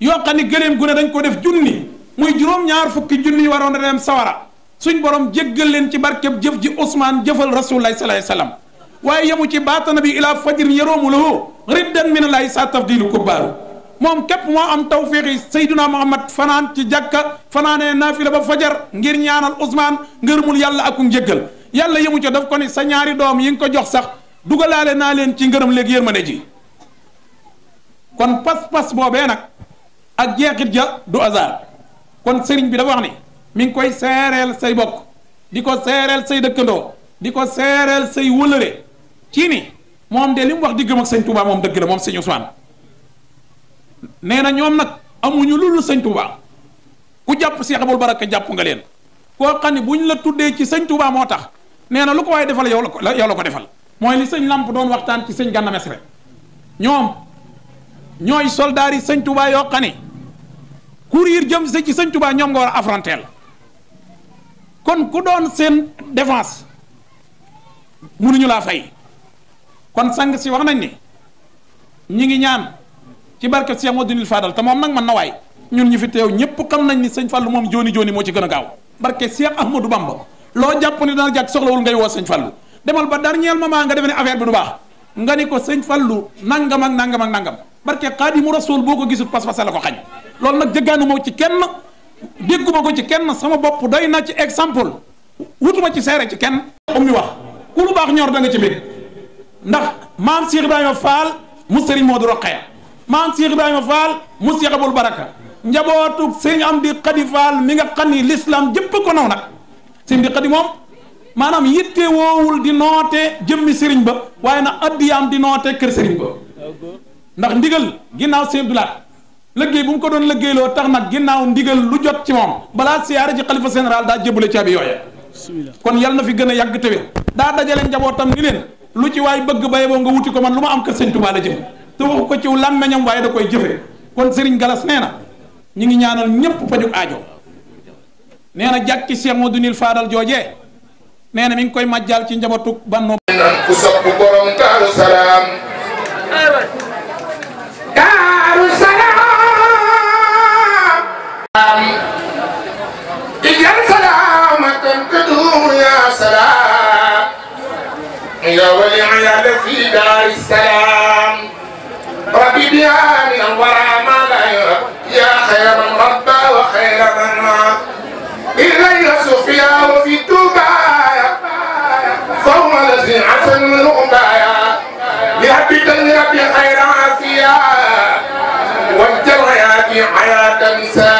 yoo xam gëléem gu dañ ko def junni muy juróom-ñaar fukki junni waroon dem sawara suñ borom jéggal leen ci barkeb jëf ji Ousmane jëfal rasulullahi salaay salaam waaye yemu ci baatana bi ilaa fajrin yaroomu lahu riddan min allahi sa tafdilu kubbaaru moom képp moo am tawfiixi sayduna muhammad fanaan ci jàkka fanaanee naafila ba fajar ngir ñaanal Ousmane ngërëmul yàlla akum njéggal yàlla yemu ci def ko ni sa ñaari doom yi nga ko jox sax dugalaale naa leen ci ngërëm léegi yërmande ji kon pas-pas boobee nag ak jeexit ja du hasard kon sëriñ bi dafa ni mi ngi koy seereel say bokk di ko seereel say dëkkandoo di ko seereel say wëlëre ci ni moom de li mu wax diggam ak sëñ Touba moom dëgg la moom sëñ Ousmane nee na ñoom nag amuñu lu sëñ Touba ku jàpp Cheikh Abou Baraka jàpp nga leen koo xam ne buñ la tuddee ci sëñ moo tax nee na lu ko waaye defal yow la ko yow la ko defal mooy li sëñ Lamp doon waxtaan ci sëñ Gana Messere ñoom ñooy soldaar yi sëñ Touba yoo xam ne jëm si ci sëñ Touba ñoom nga war a affronter la kon ku doon seen défense mënuñu laa fay kon sang si wax nañ ni ñi ngi ñaan ci barke Cheikh Modou Fadal te moom nag man na waay ñun ñi fi teew ñëpp kam nañ ni sëñ fallu moom jooni jooni moo ci gën a gaaw barke Cheikh Ahmadou Bamba loo jàpp ni dana jàkk soxlawul ngay woo sëñ fallu demal ba dernier moment nga defe ne affaire bi du baax nga ni ko sëñ fallu nangam ak nangam ak nangam barke qadimu rasul boo ko gisul pas-pas la ko xañ loolu nag jëggaanu moo ci kenn dégguma ko ci kenn sama bopp day na ci exemple wutuma ci seere ci kenn um mi wax ku lu baax ñor da nga ci bég ndax maam Cheikh Ibrahima Fall mu moo Modou Rokhaya maam Cheikh Ibrahima Fall mu Cheikh Abul Baraka njabootu sëriñ Amdi Khady Fall mi nga xam ni l'islam jëpp ko naw nag sëriñ di Khady moom maanaam yitte woowul di noote jëmmi sëriñ ba waaye na addiyaam di noote kër sëriñ ba ndax ndigal ginnaaw sëriñ Abdou Lahad liggéey bu mu ko doon liggéeyloo tax nag ginnaaw ndigal lu jot ci moom balaa siyaare ji xalifa général daa jébale caabi yooya kon yal na fi gën a yàgg tawér daa dajale njabootam ni leen lu ci waay bëgg baye boo nga wuti ko man lu ma am kër sëñ Tuubaa la jëm te waxu ko ciw làmmeñam waaye da koy jëfee kon Serigne Galas nee na ñu ngi ñaanal ñëpp pajuk aajo nee na jàkki Cheikh Modou Nil Fadal joojee nee na mi ngi koy majjal ci njabootu bannoo ku sopp borom taaru يا والعيال في دار السلام ربي بيان الورى مالا يا خير ربا وخير من إلي صوفيا وفي دبي فهو الذي حسن الغبايا لهبت ربي خير عافية والجرى في حياة سامية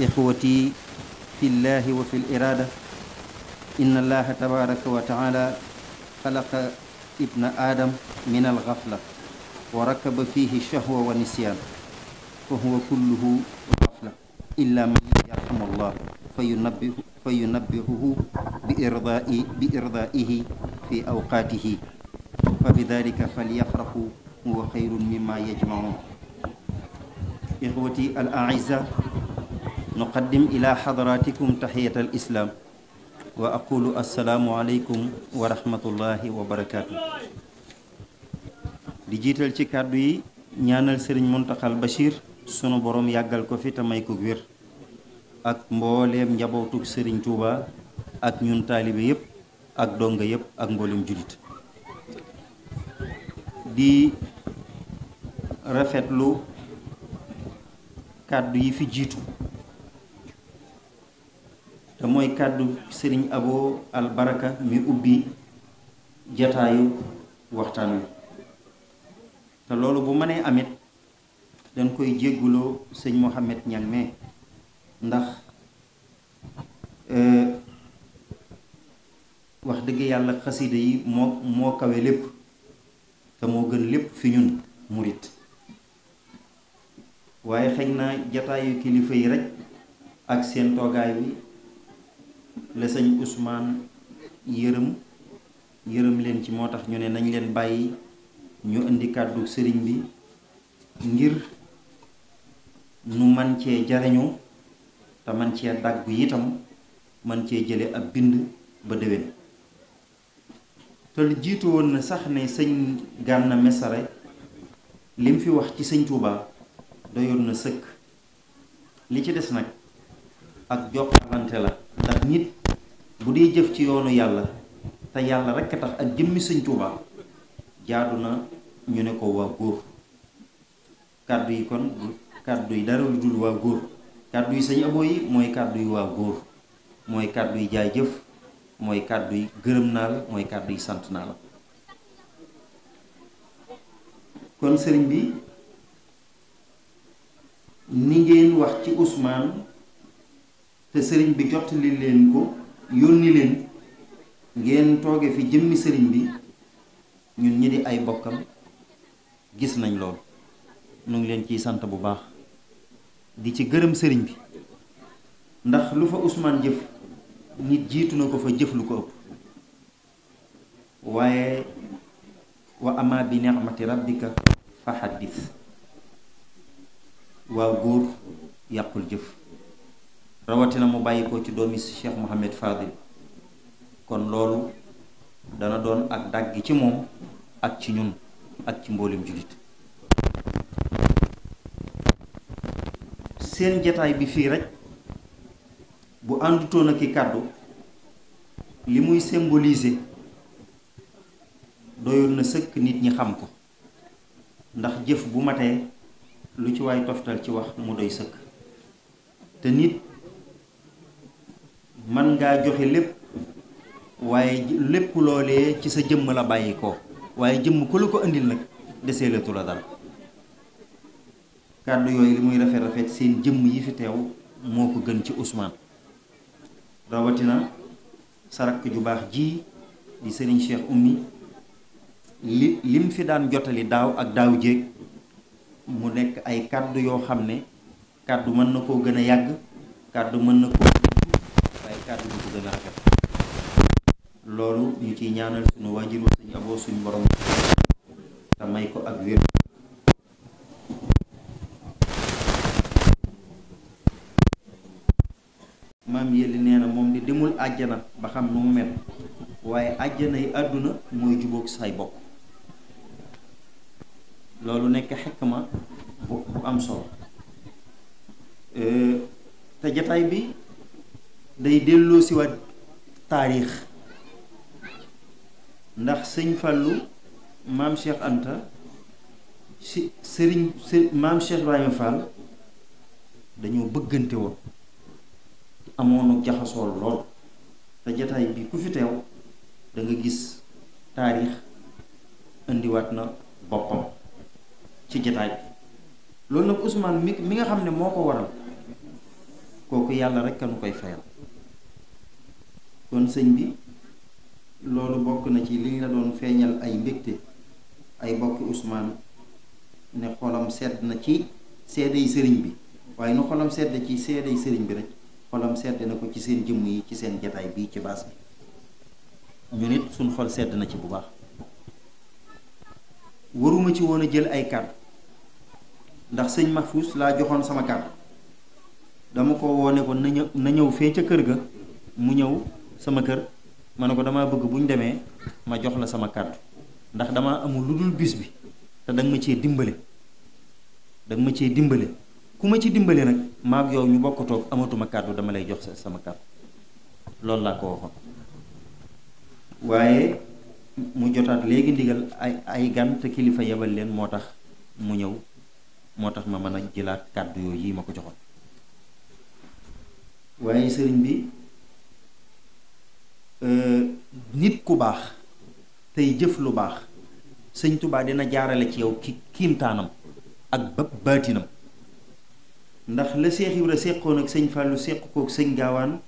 إخوتي في الله وفي الإرادة إن الله تبارك وتعالى خلق ابن آدم من الغفلة وركب فيه الشهوة والنسيان فهو كله غفلة إلا من يرحم الله فينبه فينبهه بإرضاء بإرضائه في أوقاته فبذلك فليفرحوا هو خير مما يجمعون إخوتي الأعزاء نقدم إلى حضراتكم تحية الإسلام وأقول السلام عليكم ورحمة الله وبركاته di jiital ci kàddu yi ñaanal sëriñ Muntaxal Bachir sunu borom yàggal ko fi te may ko wér ak mbooleem njabootug sëriñ Touba ak ñun taalibe yépp ak donga yépp ak mbooleem julit di rafetlu kàddu yi fi jiitu te kadu kàddu abo abo baraka mi ubbi jotaayu waxtaan wi te bu mané amit dañ koy jégguloo serigne mohammed ñangmé ndax euh wax deug yalla xasida yi mo mo kawé lepp te mo gën lepp fi ñun murit waye xëy jotaayu kilifa yi rek ak sen togaay bi la sëñ Ousmane yërëm yërëm leen ci moo tax ñu ne nañu leen bàyyi ñu indi kàddu sëriñ bi ngir nu man cee jariñu te man cee dàggu itam man cee jële ab bind ba déwén te jiitu woon na sax ne sëñ Gana Messere lim fi wax ci sëñ Touba doyoon na sëkk li ci des nag ak jokkalante la ndax nit bu dee jëf ci yoonu yàlla te yàlla rekk a tax ak jëmmi sëñ Tuuba jaadu na ñu ne ko waa góor kàddu yi kon kàddu yi dara lu dul waa góor kàddu yi sëñ mooy kàddu waa góor mooy kàddu jaay jëf mooy kàddu yi gërëm naa la mooy kàddu sant naa la kon sëriñ bi ni ngeen wax ci usmaan te sëriñ bi jottali leen ko yónni leen ngeen tooge fi jëmmi sëriñ bi ñu ñi ay bokkam gis nañ lool nu ngi leen ciy sant bu baax di ci gërëm sëriñ bi ndax lu fa Ousmane jëf nit jiitu na ko fa jëf lu ko ëpp waaye wa ama bi ni'mati rabbika fa xaddis waa góor yàqul jëf rawatina mu bàyyi ko ci doomi Cheikh Mouhamed Fadil kon loolu dana doon ak dàgg ci moom ak ci ñun ak ci mboolem jullit seen jataay bi fii rek bu àndutoon ak kàddu li muy symboliser doyoon na sëkk nit ñi xam ko ndax jëf bu matee lu ci waay toftal ci wax mu doy sëkk te nit man ngaa joxe lépp waaye lépp loole ci sa jëmm la bàyyi ko waaye jëmm ku la ko indil nag deseelatu la dara kàddu yooyu li muy rafet rafet seen jëmm yi fi teew moo ko gën ci Ousmane rawatina sa rakk ju baax ji di Serigne Cheikh Oumy li lim fi daan jottali daaw ak daaw jéeg mu nekk ay kàddu yoo xam ne kàddu mën na koo gën a yàgg kàddu mën na ko yaakaar nañ ko gën a ciy ñaanal suñu waajur wa suñu aboo suñu borom te ko ak wér maam yëli nee na moom ni demul àjjana ba xam nu mu mel waaye àjjana yi àdduna mooy jubóog say bokk loolu nekk xikma bu bu am solo te jataay bi day delloo si waat taarix ndax sëñ Fallou maam Cheikh Anta si sëriñ maam Cheikh Ibrahima Fall dañoo bëggante woon amoon jaxasoo lool te jataay bi ku fi teew da gis taarix indiwaat na boppam ci jataay loolu nag usmaan mi mi nga xam ne moo ko waral kooku yàlla rek kanu koy fayal. kon sëñ bi loolu bokk na ci li liñ la doon feeñal ay mbégte ay bokki usmaan ne xolam sedd na ci seeday sëriñ bi waaye nu xolam sedd ci seeday sëriñ bi rek xolam sedd na ko ci seen jëmm yi ci seen jataay bii ci baas bi ñu nit suñ xol sedd na ci bu baax waruma ci woon a jël ay kàddu ndax sëñ Mahfous laa joxoon sama kàddu dama ko woone ko na ñëw na ñëw fee ca kër ga mu ñëw sama kër ma ne ko damaa bëgg bu ñu demee ma jox la sama kàddu ndax damaa amul lu dul bis bi te danga ma cee dimbali danga ma cee dimbali ku ma ci dimbali nag maag yow ñu bokk toog amatuma kàddu dama lay jox sa sama kàddu loolu laa ko waxoon waaye mu jotaat léegi ndigal ay ay kilifa yebal leen moo tax mu ñëw moo tax ma mën a jëlaat kàddu yooyu yi ma ko joxoon waaye sëriñ bi nit ku baax tey jëf lu baax sëñ tubaa dina jaarale ci yow ki kiimtaanam ak ba baatinam ndax la Seex Ibra séqoon ak sëñ Fàllu séq kook sëñ gaawaan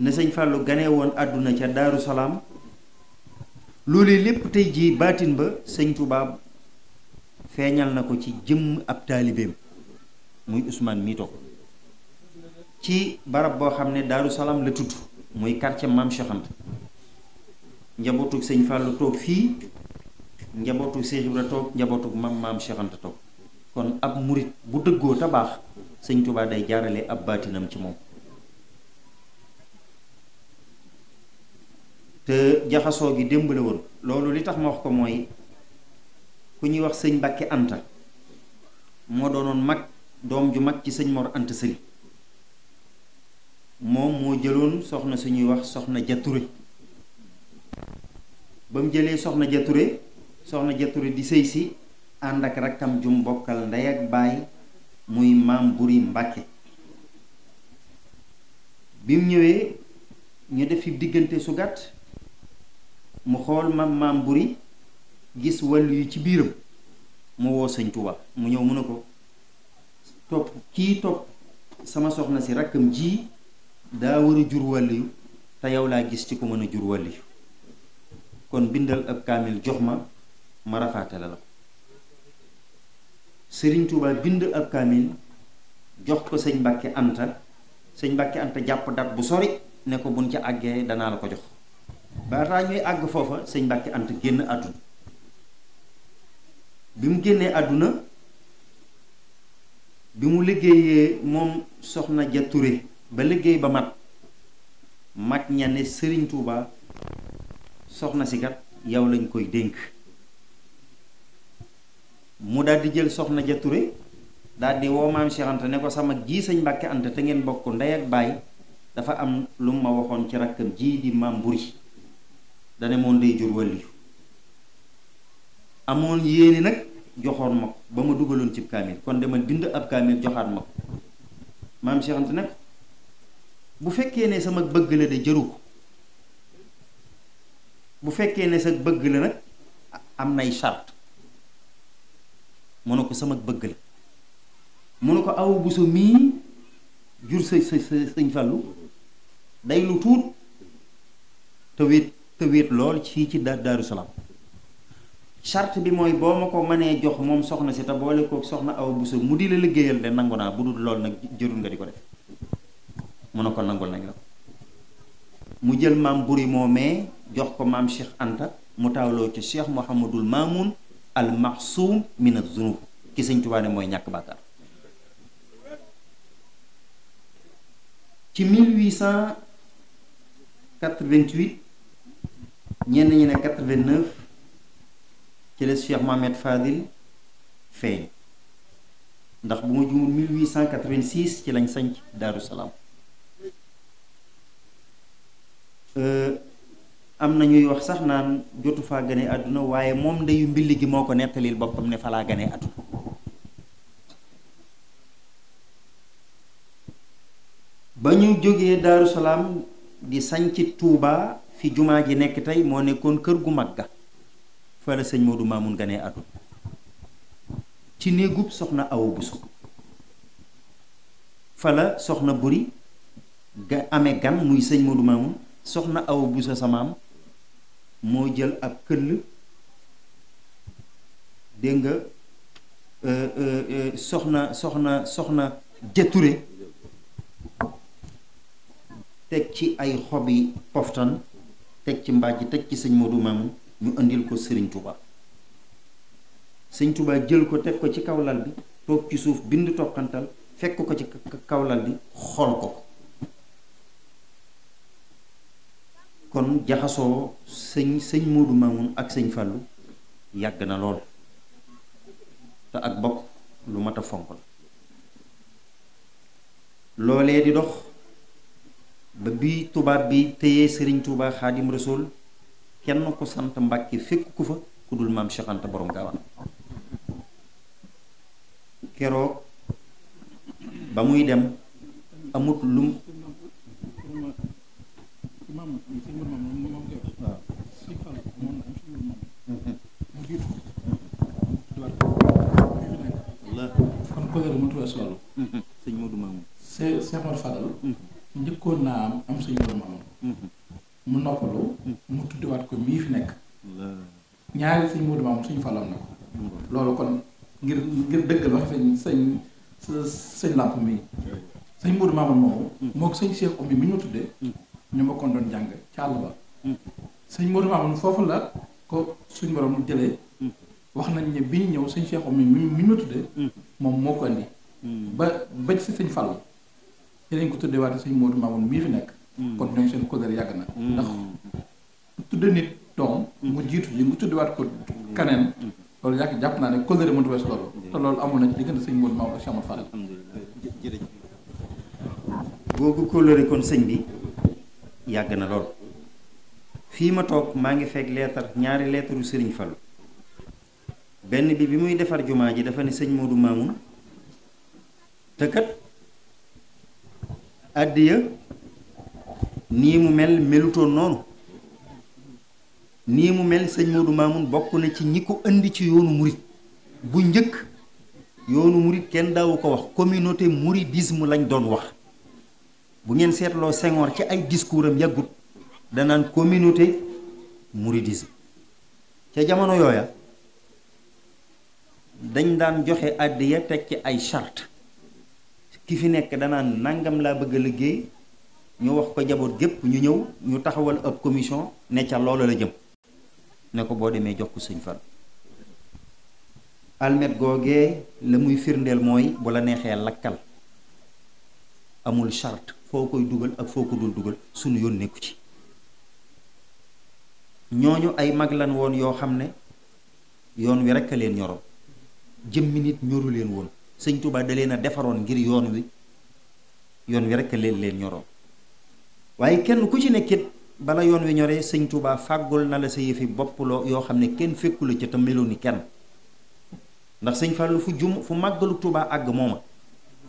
ne sëñ Fàllu ganee woon àdduna ca Daaru Salaam loolee lépp tey jii baatin ba sëñ Tuubaa feeñal na ko ci jëmm ab taalibeem muy usmaan mii ci barab boo xam ne Daaru Salaam la tudd muy quartier Maam Cheikh Anta njabootug sëñ Fallou toog fii njabootug Cheikh Ibra toog njabootug mam Maam Cheikh toog kon ab murit bu dëggoo te baax sëñ Touba day jaarale ab baatinam ci moom te jaxasoo gi démb woon loolu li tax ma wax ko mooy ku ñuy wax sëñ Mbàkke Anta moo doonoon mag doom ju mag ci sëñ Mor Anta Sali moom moo jëloon soxna suñuy wax soxna jature ba mu jëlee soxna jature soxna jature di sëy si ànd ak rakkam jum bokkal ndey ak muy maam buri mbàkke bi mu ñëwee ñu def fi diggante su gàtt mu xool maam buri gis wàllu yu ci biiram mu woo sëñ tuba mu ñëw mu ko topp kii topp sama soxna si rakkam ji daa war a jur te yow laa gis ci ku mën a jur kon bindal ab kaamil jox ma ma rafaatale la ko sëriñ Tuubaa bind ab kaamil jox ko sëñ Mbàkke Anta sëñ Mbàkke Anta jàpp dat bu sori ne ko buñ ca àggee danaa la ko jox baataa ñuy àgg foofa sëñ Mbàkke Anta génn àdduna bi mu génnee àdduna bi mu liggéeyee moom soxna ja Ture ba liggéey ba mat mag ña ne sëriñ Tuuba soxna si yow lañ koy dénk mu daal di jël soxna ja Ture daal di woo maam Cheikh ne ko sama ji sañ Mbàkke Anta te ngeen bokk ndey ak baay dafa am lu ma waxoon ci rakkam ji di maam Mburi dane moom day jur wàlliyu amoon yéene nag joxoon ma ko ba ma dugaloon cib kaamil kon demal bind ab kaamil joxaat ma ko maam Cheikh Anta nag bu fekkee ne sama bëgg la de jëru ko bu fekkee ne sa bëgg la nag am nay charte mu ne ko sama bëgg la mu ko aw bu sa mii jur sa sa sëñ Fallu day lu tuut te wéet lool ci ci da Daaru Salaam charte bi mooy boo ma ko mënee jox moom soxna si te boole ko soxna aw bu sa mu di la liggéeyal de nangu naa bu dul lool nag jërul nga di ko def mu ko nangul nak la mu jël mam buri momé jox ko mam Cheikh Anta mu tawlo ci Cheikh Mamoun al mahsoum min az zunub ki seigne touba ne moy ñak bakkar ci 1888 ñen ñi ne 89 ci le Cheikh mohammed Fadil fe. ndax bu mu jumul 1886 ci lañ sañ Euh, am na ñuy wax sax naan jotu faa gane àdduna waaye moom ndeyu mbilli gi moo ko nettalil boppam ne falaa gane àdduna ba ñu jógee Daaru Salaam di sañc Tuuba fi jumaa ji nekk tey moo nekkoon kër gu mag ga fa la sëñ Modou Mamoun gane àdduna ci néegub soxna Awa Bousso fa soxna buri ga amee gan muy sëñ Modou Mamoun soxna aw busa sa maam moo jël ab këll dégg nga euh, euh, euh, soxna soxna soxna jëture teg ci ay xobi yi poftan teg ci mbàjj teg ci sëñ Modou Mamoun ñu indil ko sëriñ Touba sëñ Touba jël ko teg ko ci kawlal bi toog ci suuf bind toqantal fekk ko ci kawlal bi xool ko kon jaxaso señ señ Modou Mamoun ak señ fallu yag na lol ta ak bok lu mata fonkol lolé di dox ba bi tubaab bi téyee señ Touba khadim rasoul kenn ko sante Mbàkke fekk ku fa kudul mam cheikhanta borom gawan ba muy dem amut lum maam ah. mm-hmm. mm-hmm. sëñ Mourou Mamoune la mu jiitu solo sëñ Mourou Mamoune see Cheikh Mor mm-hmm. njëkkoon naa am am sëñ Mourou Mamoune mu noppalu mu tuddewaat ko mii fi nekk ñaari sëñ Mourou Mamoune suñu Fall na ko loolu kon ngir ngir dëggal wax sëñ sëñ sëñ làmp mii sëñ Mourou Mamoune moomu moo ko sëñ Cheikh Oumy mi ma tuddee ñu ma kon doon jàng ci àll ba mm. sëñ Modou Mamoun foofu la ko suñ borom jëlee mm. wax nañ ne bi ñëw sëñ Cheikh mi mi ma tuddee mm. moom moo ko indi ba ba si sëñ Fall ci ko tuddee waate sëñ Modou Mamoun fi nekk kon ñoom seen kóllëre yàgg na ndax tudde nit doom mu jiitu ji ngu tuddewaat ko kaneen loolu yàgg jàpp naa ne kóllëre mënut a wees loolu te loolu amul na ci moo sëñ Modou Mamoun ak Cheikh Fall googu kóllëre kon sëñ bi yàgg na lool fii ma toog maa ngi fekk leetar ñaari leetaru sëriñ fal benn bi bi muy defar jumaa ji dafa ne sëñ Modou Mamoun te kat àddiya nii mu mel melutoon noonu nii mu mel sëñ Modou Mamoun bokk na ci ñi ko indi ci yoonu murit bu njëkk yoonu murit kenn daawu ko wax communauté mouridisme lañ doon wax bu ngeen seetloo sengoor ci ay discours am yàggut danaan communauté mouridisme ca jamono yooya dañ daan joxe àddiya teg ci ay charte ki fi nekk danaan nangam la bëgg a liggéey ñu wax ko jaboot gépp ñu ñëw ñu taxawal ab commission ne ca loola la jëm ne ko boo demee jox ko sëñ Fall almet googee la muy firndeel mooy bu la neexee lakkal amul chart foo koy dugal ak foo ko dul dugal suñu yoon nekku ci ñooñu ay mag lan woon yoo xam ne yoon wi rekk a leen ñoroon jëmmi nit ñoru leen woon sëñ tubaa da leen a defaroon ngir yoon wi yoon wi rekk a leen leen ñoroon waaye kenn ku ci nekkit bala yoon wi ñoree sëñ tubaa fàggul na la sa yëfi bopp loo yoo xam ne kenn fekkul la ca te melu ni kenn ndax sëñ Fàllu fu jum fu màggalu tubaa àgg mooma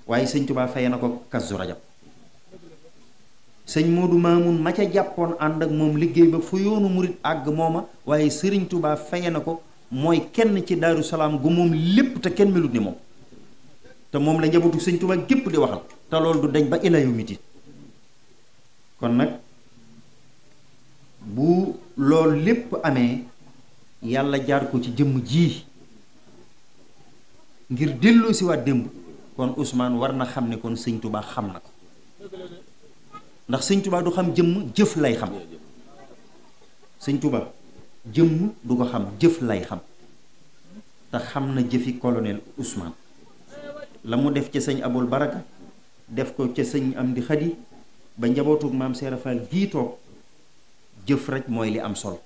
waaye sëñ Tuubaa faye na ko kazu rajab sëñ Modou Mamoun ma ca jàppoon ànd ak moom liggéey ba fu yoonu murit àgg mooma waaye sëriñ Touba faye na ko mooy kenn ci Daaru Salaam gu moom lépp te kenn melut ni moom te moom la njabootu sëñ Touba gépp di waxal te loolu du dañ ba ila miti kon nag bu lool lépp amee yàlla jaar ko ci jëmm ji ngir delloo si waa démb kon usmaan war na xam ne kon sëñ Touba xam na ko ndax sëñ tubaa du xam jëmm jëf lay xam sëñ Tuubaa jëmm du ko xam jëf lay xam te xam na jëfi colonel usmaan la mu def ca sëñ Abul Baraka def ko ca sëñ Amdi Xadi ba njabootug maam Seera Faal gii jëf rek mooy li am solo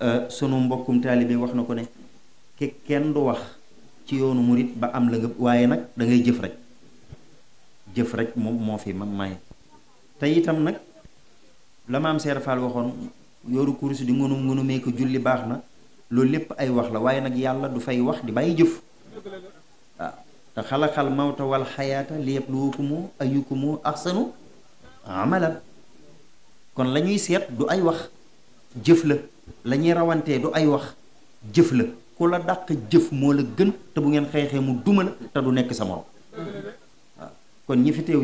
euh, sunu mbokkum taalibe wax na ko ne ke kenn du wax ci yoonu murit ba am la nga waaye nag dangay jëf rek jëf rek moom moo fi ma may tey itam nag la maam Seer Faal waxoon yooru kurus di ngunum ngunumee ko julli baax na loolu lépp ay wax la waaye nag yàlla du fay wax di bàyyi jëf waaw te xalaxal mawta wal xayaata liyabluwakum ayyukum ahsanu amala kon la ñuy seet du ay wax jëf la lañuy rawantee du ay wax jëf la ku la dàq jëf moo la gën te bu ngeen xeexee mu duma te du nekk sa morom kon ñi fi teew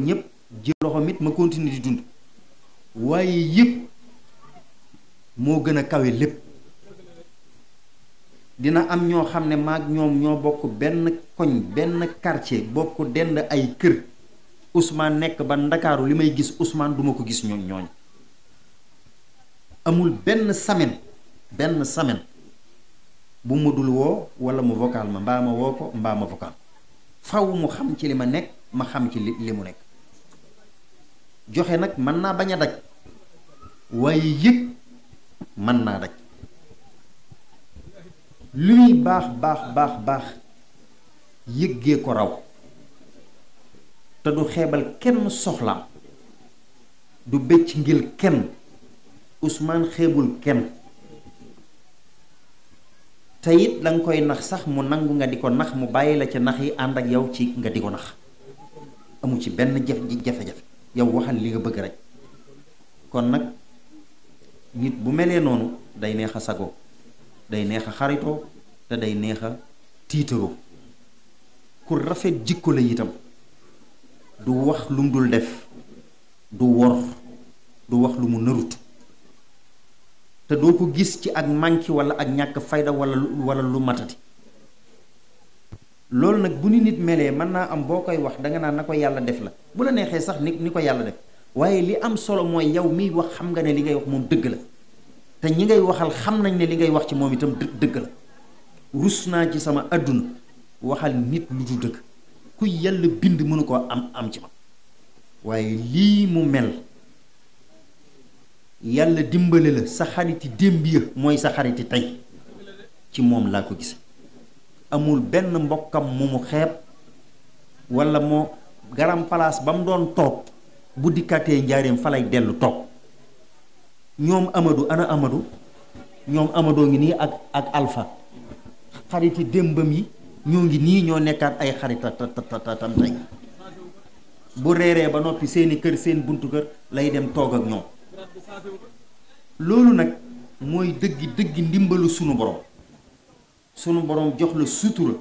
jël loxoom ma continuer di dund waaye yëpp moo gën a kawe lépp dina am ñoo xam ne maag ñoom ñoo bokk benn koñ benn quartier bokk dend ay kër Ousmane nekk ba Ndakaaru li may gis Ousmane duma ko gis ñoom ñooñ amul benn semaine benn semaine bu ma dul woo wala mu vocal ma mbaa woo ko mbaa vocal faw mu xam ci li ma nekk ma xam ci li li mu nekk joxe nak man na baña daj waaye yit man na daj luy bax bax bax bax yegge ko raw te du xeebal kenn soxla du becc ngil kenn Ousmane xeebul kenn tayit dang koy nax sax mu nangu nga diko nax mu bayila ci nax yi ànd ak yow ci nga diko nax amu ci benn jafe jafe-jafe yow waxal li nga bëgg rek kon nag nit bu melee noonu day neex a sago day neex a xaritoo te day neex a tiitaroo ku rafet jikko la itam du wax lu mu dul def du wor du wax lu mu narut te doo ko gis ci ak manki wala ak ñàkk fayda wala wala lu matati loolu nag bu ni nit melee mën naa am boo koy wax danga naan na ko yàlla def la bu la neexee sax ni ni ko yàlla def waaye li am solo mooy yow mi wax xam nga ne li ngay wax moom dëgg la te ñi ngay waxal xam nañ ne li ngay wax ci moom itam dëgg la rus naa ci sama àdduna waxal nit lu du dëgg ku yàlla bind mënu koo am am ci ma waaye lii mu mel yàlla dimbale la sa xariti démb ya mooy sa xariti tey ci moom laa ko gis amul ben mbokam mu mu xeeb wala mo garam place bam don doon toog bu dikkatee njaareem fa lay dellu toog Amadou ana Amadou ñoom Amadou ngi nii ak ak Alpha xariti dembam yi ñoo ngi nii ñoo nekkaat ay ta tam tey bu reeree ba noppi seeni kër seen buntu kër lay dem toog ak ñoom loolu nag mooy dëgg dëgg ndimbalu sunu borom sunu borom jox la sutura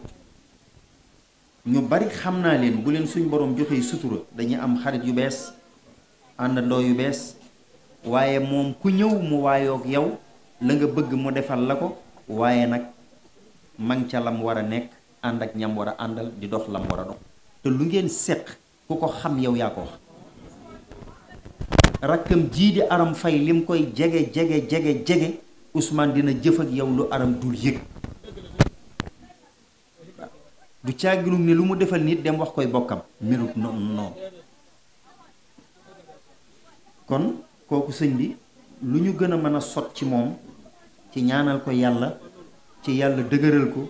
ñu bari xam naa leen bu leen suñu borom joxee sutura dañuy am xarit yu bees àndandoo yu bees waaye moom ku ñëw mu waayoog yow la nga bëgg mu defal la ko waaye nag mang ca lam war a nekk ànd ak ñam war a àndal di dox lam war a dox te lu ngeen seq ku ko xam yow yaa ko wax rakkam jii di aram fay lim koy jege jege jege jege Ousmane dina jëf ak yow lu aram dul yëg du càgginu ni lu mu defal nit dem wax koy bokkam melut noonu noonu kon kooku sëñ bi lu ñu gën a mën a sot ci moom ci ñaanal ko yàlla ci yàlla dëgëral ko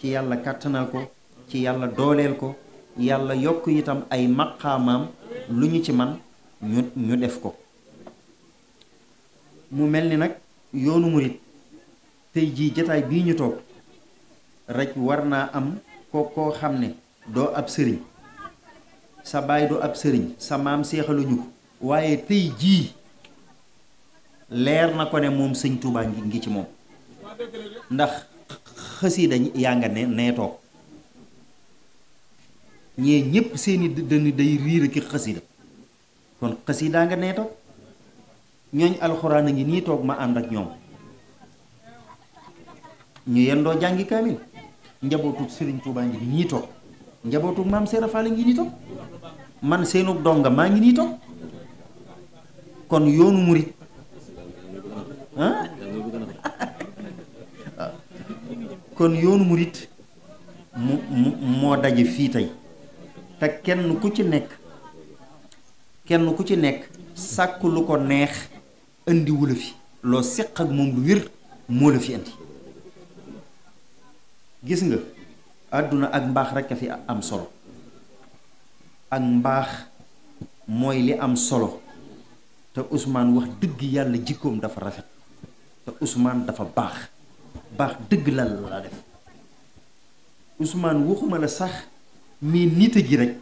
ci yàlla kàttanal ko ci yàlla dooleel ko yàlla yokk itam ay maqaamaam lu ñu ci man ñu ñu def ko mu mel ni nag yoonu murit tey jii jataay bii ñu toog rek war naa am ko koo xam ne doo ab sëriñ sa baay doo ab sëriñ sa maam seexaluñu waaye tey jii leer na ko ne moom sëñ Touba ngi ci moom ndax xësiida yaa nga ne nee toog ñee ñépp seeni dënn day riir ki xësiida kon xësiidaa nga nee toog ñooñ alxuraan a ngi nii toog ma ànd ak ñoom ñu yendoo jàngi kaamil njabootu Serigne Touba ngi nii toog njabootu maam Seera Faal ngi nii toog man seenu donga maa ngi nii kon yoonu murit ah kon yoonu murit mu mu moo daje fii tey te kenn ku ci nekk kenn ku ci nekk sàkk lu ko neex indiwu la fi loo seq ak moom lu wér moo la fi indi gis nga aduna ak mbax rek fi am solo ak mbax moy li am solo te Ousmane wax deug yalla jikom dafa rafet te Ousmane dafa bax bax deug la la def Ousmane waxuma la sax mi nit gi rek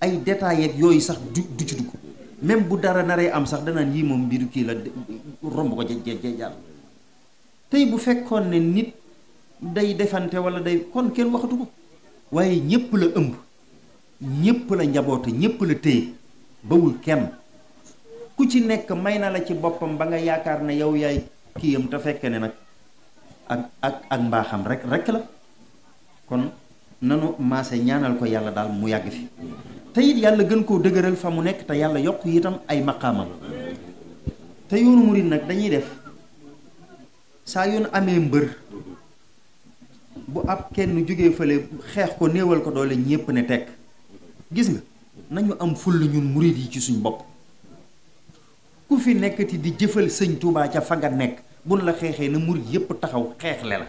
ay détails ak yoy sax du ci dugg même bu dara naree am sax nan yi mom biru ki la romb ko ja ja jàll tay bu fekkone nit day defante wala day kon kenn waxatu ko waaye ñépp la ëmb ñépp la njaboote ñépp la téye bawul kenn ku ci nekk may na la ci boppam ba nga yaakaar ne yow yaay kiyam te fekke ne nag ak ak mbaaxam rek rek la kon nanu maase ñaanal ko yàlla daal mu yàgg fi te it yàlla gën koo dëgëral fa mu nekk te yàlla yokk itam ay maqaamam te yoonu murit nag dañuy def saa yoon amee mbër bu ab kenn jógee fële xeex ko néewal ko doole ñépp ne tekk gis nga nañu am full ñun murid yi ci suñ bopp ku fi nekkati di jëfal sëñ tuubaa ca fa nga nekk buñ la xeexee na murid yépp taxaw xeexle la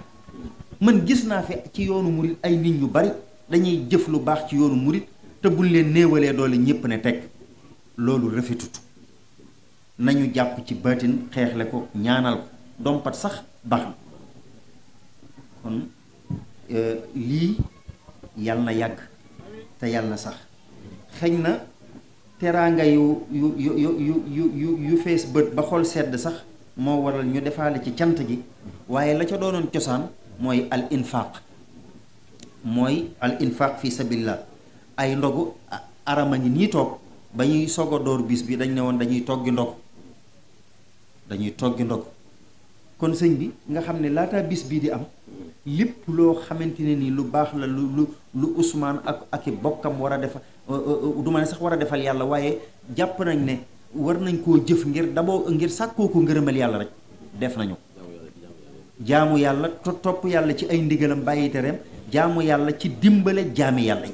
man gis naa fi ci yoonu murid ay nit ñu bari dañuy jëf lu baax ci yoonu murit te buñ leen néewalee doole ñépp ne tekk loolu rafetut nañu jàpp ci baatin xeexle ko ñaanal ko dompat sax baax na Euh, lii yàlla na yàgg te yàlla na sax xëñ na teraanga yu yu yu yu yu yu fees bët ba xol sedd sax moo waral ñu defaale ci cant gi waaye la ca doonoon cosaan mooy al infaq mooy al infaq fi ay ndogu arama ngi nii toog ba ñuy soog a door bis bi dañ ne woon dañuy toggi ndog dañuy toggi ndog kon sëñ bi nga xam ne laataa biis bii di am lépp loo xamante ne ni lu baax la lu lu usmaan ak ak i bokkam war a def euh, euh, euh, du ma ne sax war a defal yàlla waaye jàpp nañ ne war nañ koo jëf ngir d'abord ngir sàkkoo ko ngërëmal yàlla rek def nañu jaamu yàlla to topp yàlla ci ay ndigalam bàyyi tereem jaamu yàlla ci dimbale jaami yàlla yi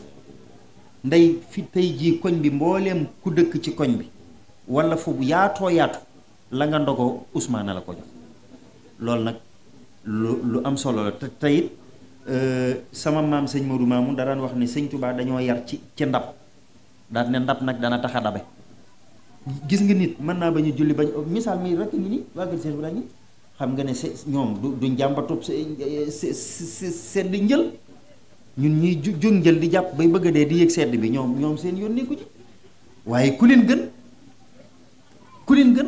ndey fi tey jii koñ bi mbooleem ku dëkk ci koñ bi wala fu yaatoo yaatu la nga ndogoo Ousmane la ko jox loolu nag lu lu am solo la te tayit eh, sama mam seigne Modou mamou da daan wax ni wah Touba dañoo yar ci ci ndab da ne ndab nak dana tax a gis nga nit man na bañu julli bañ misal mi rek ni nii waa kër Cheikh xam nga ne se ñoom du du se sedd njël ñun ñi jóg njël di japp bay bëgg de di yek sedd bi ñom ñom seen yoon ku ci waye ku gën ku gën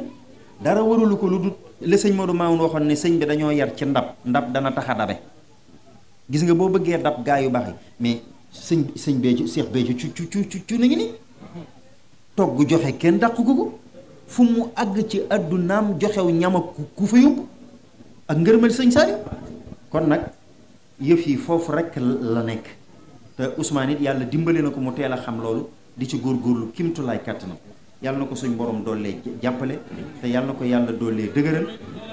dara warulu lu dut la sëñ Modou Mamoun waxoon ne sëñ bi dañoo yar ci ndab ndab dana tax a dabe gis nga boo bëggee dab gaa yu baax yi mais sëñ sëñ Béthio Cheikh Béthio cu cu cu cu nañu ni togg joxe kenn dàq ko ko fu mu àgg ci àddunaam joxew ñama ku fa yóbbu ak ngërmal sëñ Saliou kon nag yëf yi foofu rek la nekk te Ousmane it yàlla dimbali na ko mu teel a xam loolu di ci góor góorgóorlu kimtu laay kàttanam yàlla na ko suñ borom doolee jàppale te yàlla na ko yàlla doolee dëgëral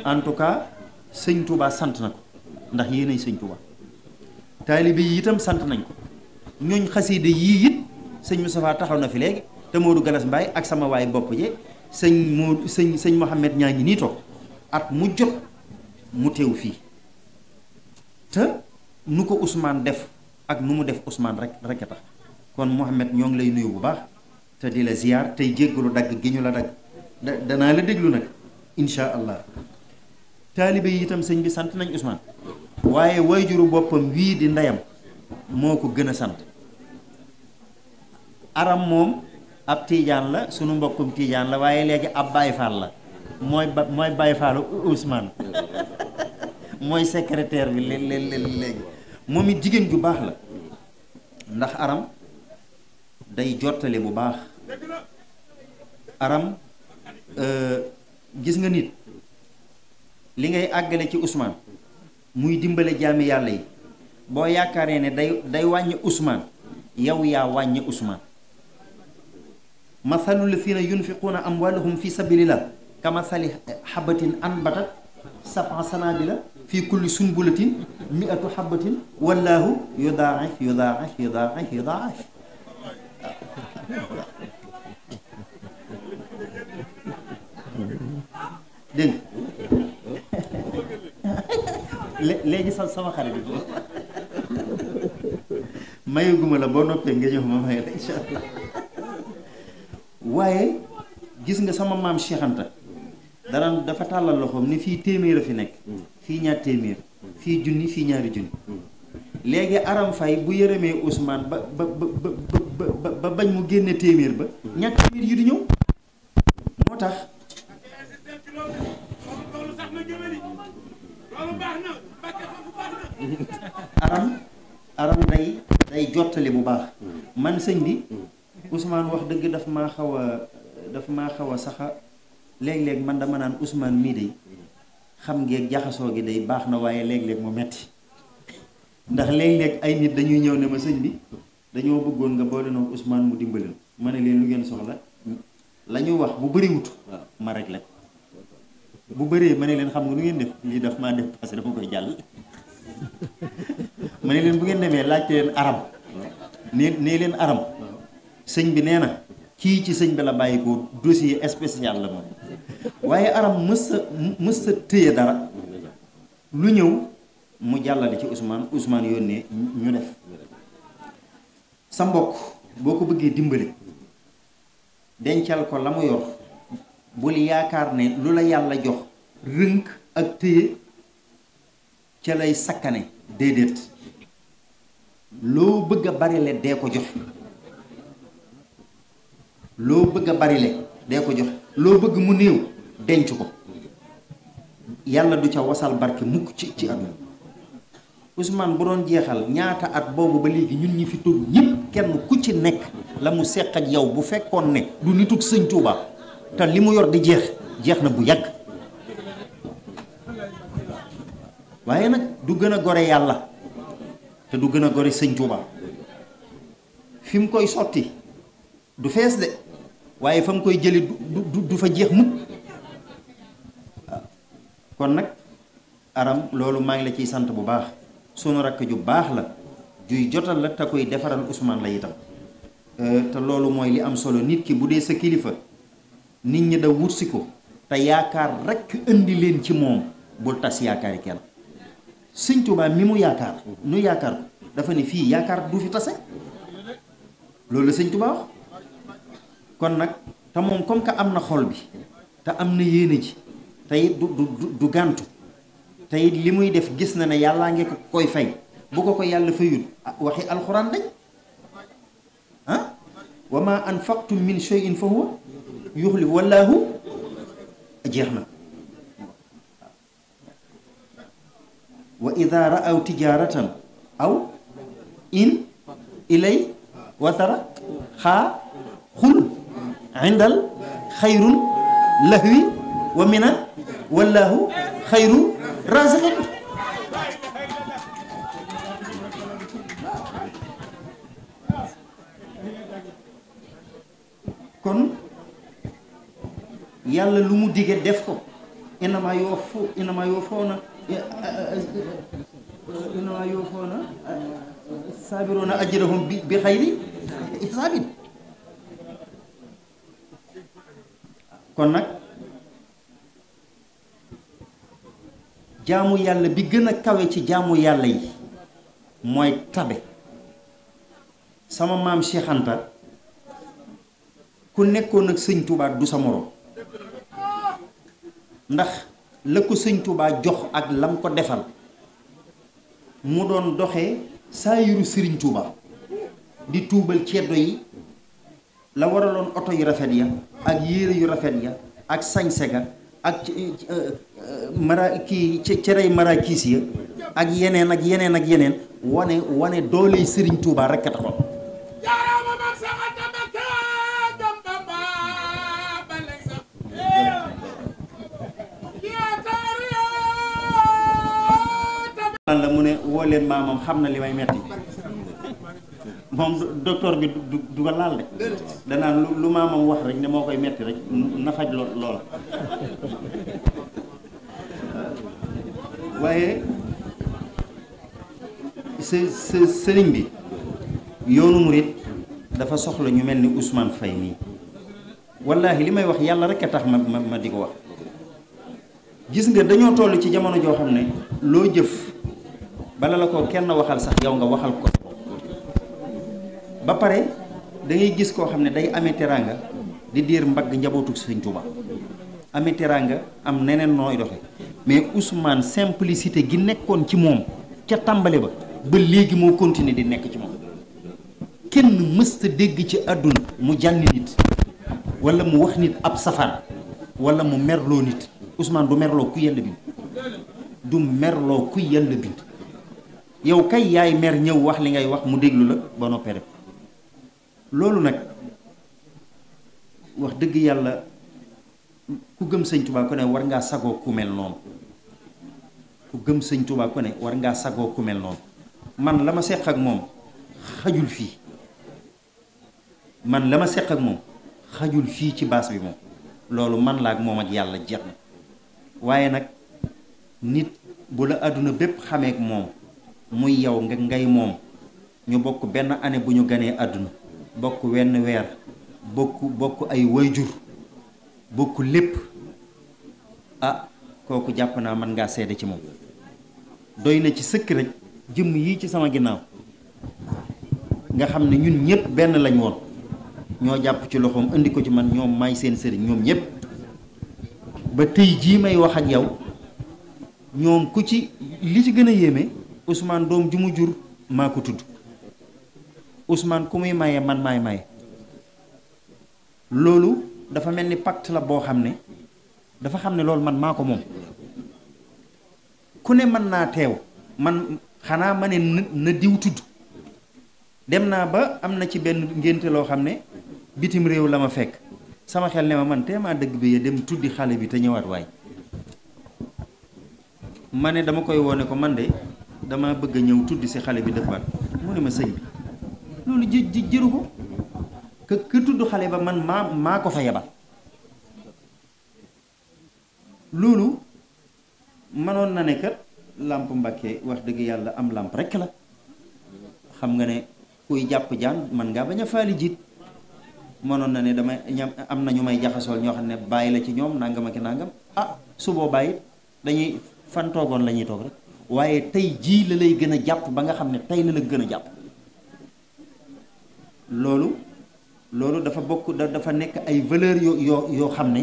en tout cas sëñ Touba sant na ko ndax nañ sëñ Touba taalibe yi itam sant nañ ko ñooñ xasiide yii it sëñ Moustapha taxaw na fi léegi te Modou Galas Mbaye ak sama waay bopp je sëñ mu sëñ sëñ Mouhamed ñaa ngi nii toog at mu jot mu teew fii te nu ko Ousmane def ak nu mu def Ousmane rek rek a tax kon Mouhamed ñoo ngi lay nuyu bu baax te di la ziyaar tey jéggalu dagg gi ñu la dagg da danaa la déglu nag insha allah taalibe yi itam sëñ bi sant nañ usmaan waaye wayjuru boppam wii di ndeyam moo ko gën a sant aram moom ab tiijaan la sunu mbokkum tiijaan la waaye léegi ab Baye la mooy ba mooy Baye Fallu Ousmane mooy secrétaire bi le léeg léegi moom it jigéen ju baax la ndax aram day jottale bu baax aram euh, gis nga nit li ngay àggale ci Ousmane muy dimbale jaami yàlla yi boo yaakaaree ne day day wàññi Ousmane yow yaa wàññi Ousmane mathalu lazina yunfiquuna amwaalahum fi sabilillah ka mathali xabatin anbatat sab'a sanaabila fi kulli sunbulatin mi'atu xabatin wallaahu yudaaif yudaaif yudaaif yudaaif dégg léegi sax sama xarit bi mayuguma la boo noppee nga jox ma may la incha allah waaye gis nga sama maam Cheikh Anta dara dafa tàllal loxoom ni fii téeméer a fi nekk mm. fii ñaar téeméer mm. fii junni fii ñaari junni mm. léegi Aram fay bu yërëmee Ousmane ba ba ba bañ mu génne téeméer ba ñett téeméer yi di ñëw moo tax aram aram day day jottali bu baax man sëñ bi usmaan wax dëgg dafa ma xaw a daf maa xaw a saxa léeg-léeg man dama naan Ousmane mii day xam ngeeg jaxasoo gi day baax na waaye léeg-léeg mu metti ndax léeg-léeg ay nit dañuy ñëw ne ma sëñ bi dañoo bëggoon nga boole noo Ousmane mu dimbali ma ne leen lu ngeen soxla la ñu wax bu bëri wut ma rek la bu bëree ma ne leen xam nga nu ngeen def lii daf maa def parce que dama koy jàll ma ne leen bu ngeen demee laajte leen aram ne nee leen aram sëñ bi nee na kii ci sëñ bi la bàyyi ko dossier spécial la moom waaye aram mës sa mës dara lu ñëw mu jàllale ci Ousmane Ousmane yónnee ñu def sa mbokk boo ko bëggee dimbali dencal ko la mu yor bul yaakaar ne lu la yàlla jox rënk ak téye ca lay sakkane déedéet loo bëgg a barile dee ko jox loo bëgg a barile dee ko joxe loo bëgg mu néew denc ko yàlla du ca wasal barke mukk ci ci àdduna Ousmane bu doon jeexal ñaata at boobu ba léegi ñun ñi fi toog ñëpp kenn ku ci nekk la mu seq ak yow bu fekkoon ne du nitug sëñ Touba te li mu yor di jeex jeex na bu yàgg waaye nag du gën a gore yàlla te du gën a gore sëñ Touba fi koy sotti du fees de waaye fam koy jëli du du fa jeex mukk kon nag aram loolu maa ngi la ciy sant bu baax sunu rakk ju baax la juy jotal la te koy defaral Ousmane la itam euh, te loolu mooy li am solo nit ki bu dee sa kilifa nit ñi da wut si ko te yaakaar rekk indi leen ci moom bul tas yaakaari kenn sëñ Tuubaa mi mu yaakaar nu yaakaar ko dafa ne fii yaakaar du fi tase loolu la sëñ kon nag te moom comme que am na xol bi te am na yéene ji tey it du du du gàntu te it li muy def gis na ne yàllaa ngi ko koy fay bu ko ko yàlla fayul waxi alxuraan dañ ah wa ma anfaqtum min shay'in fa huwa yuxlif wallaahu jeex na wa ida raaw tijaratan aw in ilay watara xaa xul indal xayrun lahwi wa mina wallaahu xayru Razafet kon yàlla lu mu dige def ko inama yoo fo inama yoo foona inama yoo foona saabiroona bi bi xayri saabit kon nag jaamu yàlla bi gën a kawe ci jaamu yàlla yi mooy tabe sama maam Cheikh ku nekkoon ak sëñ Touba du sa morom ndax la ko sëñ Touba jox ak lam ko defal mu doon doxe saa yiru sëriñ Touba di tuubal ceddo yi la waraloon oto yu rafet ya ak yére yu rafet ya ak sañse ga ak euh, euh, mara kii cerey marakiis yi ak yeneen ak yeneen ak yeneen wane wane doole sëriñ Touba rek a taxoon la mu ne woo leen maamam xam na li may metti moom docteur bi du du ko laal de danaan lu lu maamam wax rek ne moo koy metti rek na faj loo waaye se se sëriñ bi yoonu murit dafa soxla ñu mel ni Ousmane Faye nii wallaahi li may wax yàlla rek a tax ma ma ma di ko wax gis nga dañoo toll ci jamono joo xam ne loo jëf bala la ko kenn waxal sax yow nga waxal ko ba pare da ngay gis koo xam ne day amee teraanga di diir mbagg njabootu sëñ Tuuba amee teraanga am neneen nooy doxe mais Ousmane simplicité gi nekkoon ci moom ca tàmbali ba ba léegi moo continuer di nekk ci moom kenn mësta dégg ci àdduna mu jànni nit wala mu wax nit ab safaan wala mu merloo nit Ousmane du merloo ku yàlla bind du merloo ku yàlla bind yow kay yaay mer ñëw wax li ngay wax mu déglu la ba noppee rek loolu nag wax dëgg yàlla ku gëm sëñ Tuubaa ku ne war ngaa sagoo ku mel noonu ku gëm sëñ Tuubaa ku ne war ngaa sagoo ku mel man la ma seq ak moom xajul fii man la seq ak moom xajul fii ci baas bi moom loolu man laa ak moom ak yàlla jeex na waaye nag nit bu la àdduna bépp xamee ak moom muy yow nga ngay moom ñu bokk benn année bu ñu ganee àdduna bokk wenn weer bokk bokk ay wayjur bokk lépp ah kooku jàpp naa man ngaa seede ci moom doy na ci sëkk rek jëmm yi ci sama ginnaaw nga xam ne ñun ñëpp benn lañ woon ñoo jàpp ci loxoom indi ko ci man ñoom may seen sëriñ ñoom ñëpp ba tey jii may wax ak yow ñoom ku ci li ci gën a yéeme Ousmane doom ju mu jur maa ko tudd Ousmane ku muy maye man maay maye loolu dafa mel ni pacte la boo xam ne dafa xam ne loolu man maa ko moom ku ne mën naa teew man xanaa ma ne na diw tudd dem naa ba am na ci benn ngénte loo xam ne bitim réew la ma fekk sama xel ne ma man maa dëgg bi ya dem tuddi xale bi te ñëwaat waay ma ne dama koy wone ko man de dama bëgg ñëw tuddi si xale bi dëkk mu ne ma sëñ bi loolu jë jë jëru ko que que tudd xale ba man maa maa ko fa yebal loolu mënoon na ne kat làmp Mbàkke wax dëgg yàlla am làmp rekk la xam nga ne kuy jàpp jaan man ngaa bañ a faali jiit mënoon na ne damay ñam am na ñu may jaxasool ñoo xam ne bàyyi la ci ñoom nangam ak nàngam ah su boobaa it dañuy fan toogoon la ñuy toog rek waaye tey jii la lay gën a jàpp ba nga xam ne tey la la gën a jàpp loolu loolu dafa bokk dafa nekk ay valeurs yoo yoo yoo xam ne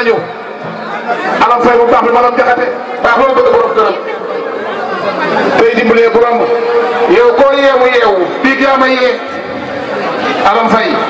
nañu alam fay bu baax bi maanaam jaxate baax loolu bëgg borom këram tey dimbalee borom yow yeewu yeewu bii yaa ma yee